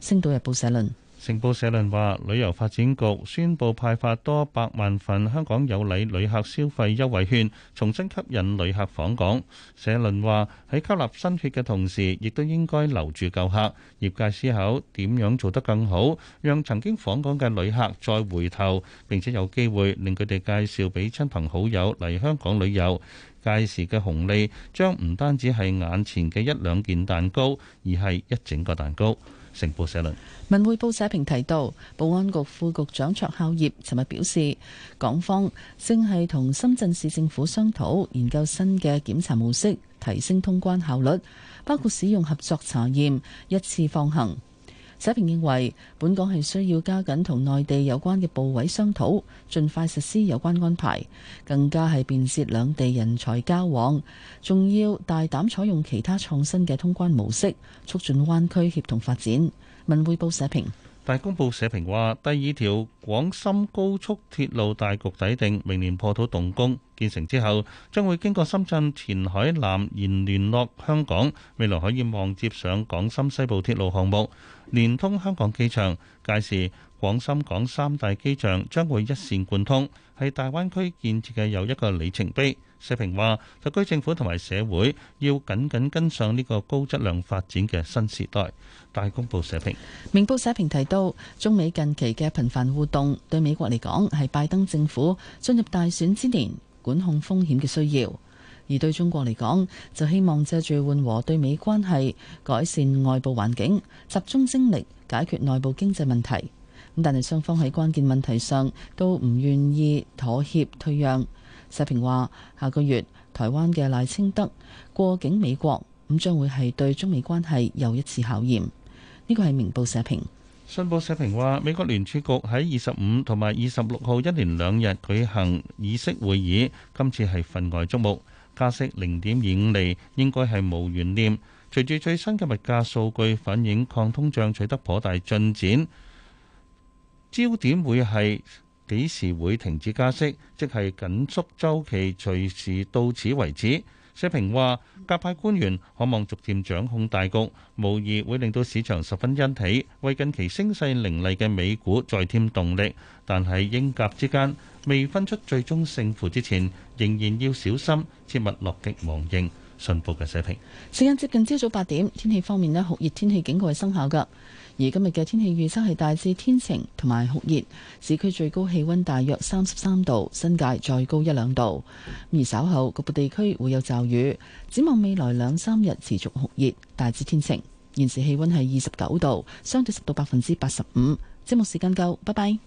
星島日報社論，成報社論話：旅遊發展局宣布派發多百萬份香港有禮旅客消費優惠券，重新吸引旅客訪港。社論話，喺吸納新血嘅同時，亦都應該留住舊客。業界思考點樣做得更好，讓曾經訪港嘅旅客再回頭，並且有機會令佢哋介紹俾親朋好友嚟香港旅遊。屆時嘅紅利將唔單止係眼前嘅一兩件蛋糕，而係一整個蛋糕。成報社論，文匯報社評提到，保安局副局長卓孝業尋日表示，港方正係同深圳市政府商討研究新嘅檢查模式，提升通關效率，包括使用合作查驗，一次放行。社評認為，本港係需要加緊同內地有關嘅部委商討，盡快實施有關安排，更加係便捷兩地人才交往，仲要大膽採用其他創新嘅通關模式，促進灣區協同發展。文匯報社評。大公報社評話：第二條廣深高速鐵路大局底定，明年破土動工，建成之後將會經過深圳前海南延聯絡香港，未來可以望接上廣深西部鐵路項目，連通香港機場。屆時，廣深港三大機場將會一線貫通，係大灣區建設嘅又一個里程碑。社評話，特區政府同埋社會要緊緊跟上呢個高質量發展嘅新時代。大公報社評，明報社評提到，中美近期嘅頻繁互動，對美國嚟講係拜登政府進入大選之年管控風險嘅需要；而對中國嚟講，就希望借住緩和對美關係，改善外部環境，集中精力解決內部經濟問題。咁但係雙方喺關鍵問題上都唔願意妥協退讓。社評話：下個月台灣嘅賴清德過境美國，咁將會係對中美關係又一次考驗。呢個係明報社評。信報社評話：美國聯儲局喺二十五同埋二十六號一連兩日舉行議息會議，今次係份外矚目，加息零點二五厘應該係無懸念。隨住最新嘅物價數據反映抗通脹取得頗大進展，焦點會係幾時會停止加息，即係緊縮週期隨時到此為止。社評話，鴿派官員可望逐漸掌控大局，無疑會令到市場十分欣喜，為近期升勢凌厲嘅美股再添動力。但喺鷹鴿之間未分出最終勝負之前，仍然要小心切勿樂極忘形。信報嘅社評。時間接近朝早八點，天氣方面呢，酷熱天氣警告係生效㗎。而今日嘅天氣預測係大致天晴同埋酷熱，市區最高氣溫大約三十三度，新界再高一兩度。而稍後局部地區會有驟雨，展望未來兩三日持續酷熱，大致天晴。現時氣溫係二十九度，相對濕度百分之八十五。節目時間夠，拜拜。